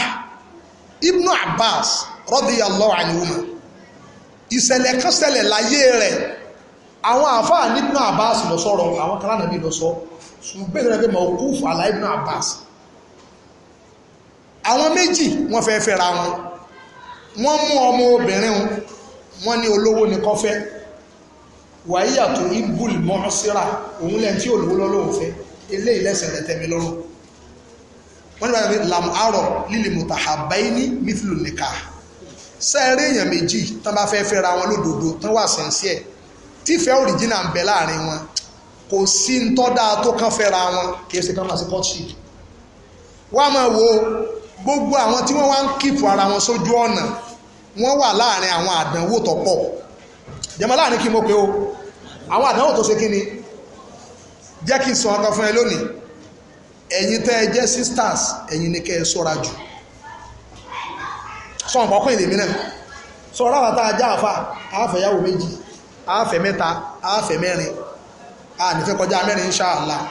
S1: Ibnu Abbas radiyallahu anhuma ìṣẹ̀lẹ̀ kan ṣẹlẹ̀ láyé rẹ̀ àwọn àfa ní Ibnu Abbas lọ sọ̀rọ̀ àwọn kan lánàá mi lọ sọ ṣùgbọ́n ìṣẹ̀lẹ̀ pé mọ̀ kúfù àlà Ibnu Abbas àwọn méjì wọ́n fẹ́ fẹ́ra wọn wọ́n mú ọmọ obìnrin wọn wọ́n ní olówó ni kọ́ fẹ́ wàyíyà tó ibùl mọ́ọ́síra òun lẹ́yìn tí olówó lọ́lọ́wọ́ fẹ́ eléyìí lẹ́sẹ̀ rẹ̀ tẹ̀mí lọ́rùn wọ́n nígbà tí lam arọ lílì mutahabaini mithlu nikah sẹ́ẹ̀rẹ́ èèyàn méjì tán bá fẹ́ fẹ́ra wọn lódodo tán wà sẹ́ńsì ẹ̀ tífẹ́ òrìjínà ń bẹ láàrin wọn kò sí ń tọ́ dáa tó kán fẹ́ra wọn kì í ṣe kán máa ṣe courtship wọ́n á máa wo gbogbo àwọn tí wọ́n wá ń kíìpù ara wọn sójú ọ̀nà wọ́n wà láàrin àwọn àdánwò tó pọ̀ jẹ́mọ́ láàrin kí mo pé o àwọn àdánwò tó ṣe kí ni jẹ́ kí n sọ ọkọ fún ẹ lónìí ẹ̀yin tẹ́ ẹ jẹ́ sisters ẹ̀yin ni kẹ́ ẹ sọ́ra jù sọ ọ̀pọ̀ pín ìlèmí náà sọ ọ̀rọ̀ àwọn táa já àfà àáfẹ̀yàwó méjì àáfẹ̀ mẹ́ta àáfẹ̀ mẹ́rin ànífẹ́ kọjá mẹ́rin insha Allah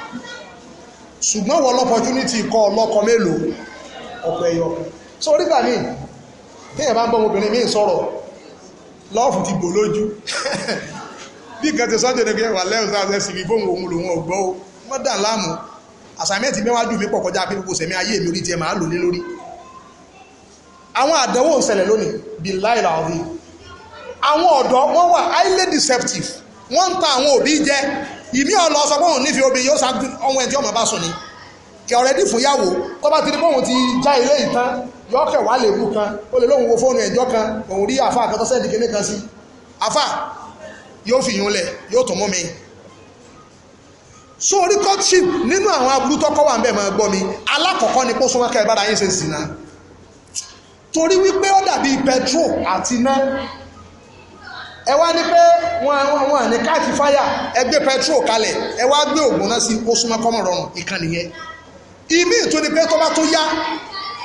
S1: ṣùgbọ́n wọ́n lọ́pọ̀ opportunity kọ́ ọlọ́kọ mélòó ọkọ ẹyọ so orígbà míì téèyàn bá ń bọ́ ọmọbìnrin míì sọ̀rọ̀ lọ́ọ̀fù ti bò lójú bí nǹkan ti sọ́jọ́ nígbà wà lẹ́yìn sáà ẹ̀sìn ìbò òun lòun ọ̀gbọ́ o wọ́n dà láàmú àsàmẹ́ẹ̀tì mẹ́wájú mi pọ̀ kọjá pé gbogbo sẹ̀mí ayé mi orí tiẹ̀ máa lò lé lórí àwọn àdánwò ń ṣẹlẹ̀ lónìí bí láìla ọ̀dí kẹ ọ̀rẹ́dì fúnyàwó tó bá ti ní bóun ti já ilé ìtàn yọ wà lè mú kan ó lè lóun wo fóònù ẹjọ kan òun rí àfa àkàtọ sẹẹdì kan sí àfa yóò fi yún lẹ yóò tún mú so orí courtship nínú àwọn aburú tọkọ wà nbẹ máa gbọ́ mi alákọ̀ọ́kọ́ ni kó súnmọ́ yín ṣe torí wípé ó dàbí àti ẹ wá wọn àwọn àní káàkiri fáyà ẹ wá gbé náà sí súnmọ́ ìmí ìtò ni pé tó bá tó yá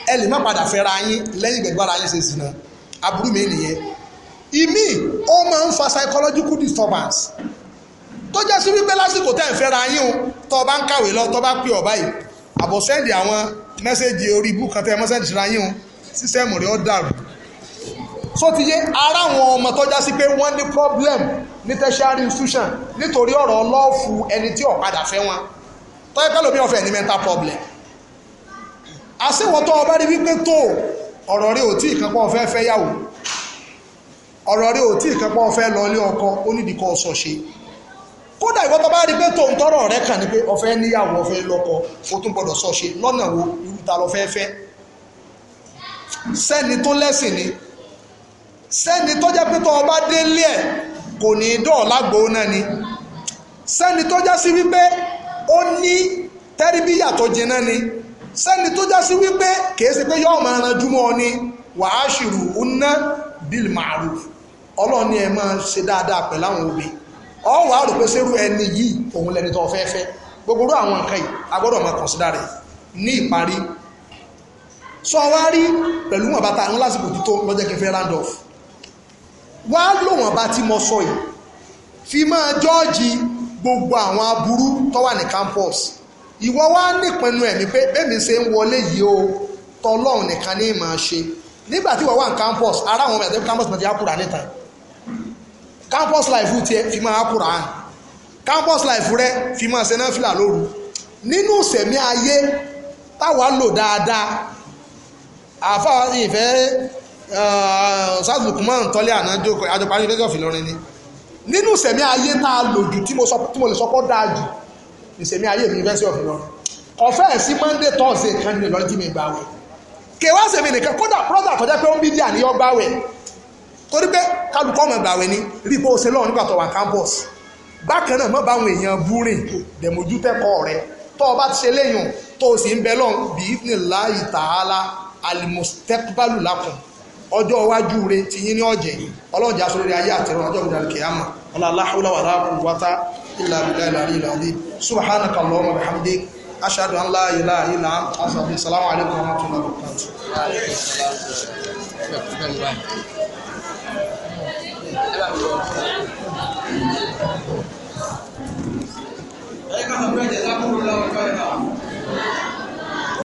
S1: ẹ lè má padà fẹ́ra yín lẹ́yìn ìgbẹ̀dúbára yín ṣe sí náà aburú mi nìyẹn ìmí ó máa ń fa psychological disturbance tó jẹ́ sí wípé lásìkò tẹ́ ẹ̀ fẹ́ra yín o tó o bá ń kàwé lọ tó o bá pè ọ̀ báyìí àbọ̀ sẹ́ndì àwọn mẹ́sẹ̀gì orí ibú kan tẹ́ ẹ mọ́sẹ̀gì síra yín o sísẹ́mù rẹ̀ ó dàrú so ti yé ara àwọn ọmọ tó já sí pé wọ́n ní problem ní tertiary institution nítorí ọ̀rọ̀ ọlọ́ọ̀fù ẹni tí ó padà fẹ́ wọn tọ́jú lómi ọ̀fẹ́ ní mental problem àṣewọ̀tọ́ ọba rí wípé tó ọ̀rọ̀ rí ò tí ìkẹ́pọ̀ fẹ́ fẹ́ yàwó ọ̀rọ̀ rí ò tí ìkẹ́pọ̀ fẹ́ lọ ilé ọkọ ó nídìí kọ́ ọ̀sọ̀ ṣe kódà ìwọ́n tó bá rí pé tó ń tọrọ rẹ kàn ní pé ó fẹ́ níyàwó ó fẹ́ lọ́kọ ó tún gbọ́dọ̀ sọ ṣe lọ́nà wo irú ta ló fẹ́ fẹ́ sẹ́ni tó lẹ́sìn ni sẹ́ni tó jẹ́ pé tó ọba délé ẹ̀ kò ní dọ̀ọ̀lá gbòó náà ni sẹ́ni tó jẹ́ sí wípé ó ní tẹ́ríbíyà tó jiná ni sẹ́ni tó já sí wípé kìí ṣe pé yọ́ ọmọ ẹranjú mọ́ ọ ni wàá ṣìrù ọ̀nà bil ma'ruf ọlọ́run ni ẹ máa ṣe dáadáa pẹ̀lú àwọn òbí ọ wà á rò pé sẹ́rù ẹni yìí òun lẹni tó fẹ́ fẹ́ gbogbo rú àwọn nǹkan yìí a gbọ́dọ̀ máa consider rẹ̀ ní ìparí sọ wá rí pẹ̀lú wọn bàtà àwọn lásìkò tó lọ́jọ́ kí round off wá lò wọn bá tí mo sọ yìí fi máa jọ́ọ̀jì gbogbo àwọn aburú tó wà ní campus ìwọ wá nípinnu ẹ̀mí pé bẹ́ẹ̀mi ṣe ń wọlé yìí o tọlọ́run nìkan ní máa ṣe nígbà tí ìwọ wà ní campus ara àwọn ọmọ ẹ̀dẹ́ campus náà ti á kúrà níta campus life tiẹ̀ fi máa á kúrà hàn campus life rẹ fi máa ṣe náà fìlà lóru nínú ìṣẹ̀mí ayé táwa lò dáadáa àfa ìfẹ́ sáàtùkù máa ń tọ́lé àná àjọpọ̀ àjọpọ̀ àjọpọ̀ àjọpọ̀ àjọpọ̀ àjọpọ̀ àjọpọ̀ àjọpọ̀ àjọpọ̀ àjọpọ̀ àjọpọ̀ àjọpọ̀ àjọpọ̀ àjọpọ̀ àjọpọ̀ àjọpọ̀ àjọpọ̀ àjọpọ̀ àjọpọ̀ ìsèmí ayé mi university of Ilorin ọ̀fẹ́ sí monday thursday kan ní ìlọrin tí mi gbà wẹ̀ kèwá sèmi nìkan kódà brother kọjá pé ó ń bí díà ní ọgbà wẹ̀ torí pé kálukọ́ ọmọ ìgbà wẹ̀ ni rí i pé o ṣe lọ́wọ́ nígbà tó wà campus bákan náà mọ́ bá àwọn èèyàn búrìn dẹ̀mójú tẹ́kọ̀ọ́ rẹ tó o bá ti ṣe léyìn tó o sì ń bẹ lọ́n bí nílá ìtàhálà alimustekbalu lákùn ọjọ́ iwájú rẹ ti yín ní ọ̀jẹ̀ ọlọ́run jà sórí ayé àtẹ̀rọ ọjọ́ ìdàlùkẹ́ àmà ọlọ́run aláhùlà wàrà kùwátá إلا بالله العلي العظيم سبحانك اللهم وبحمدك أشهد أن لا إله إلا أنت أستغفرك السلام عليكم ورحمة الله وبركاته وعليكم السلام ورحمة الله وبركاته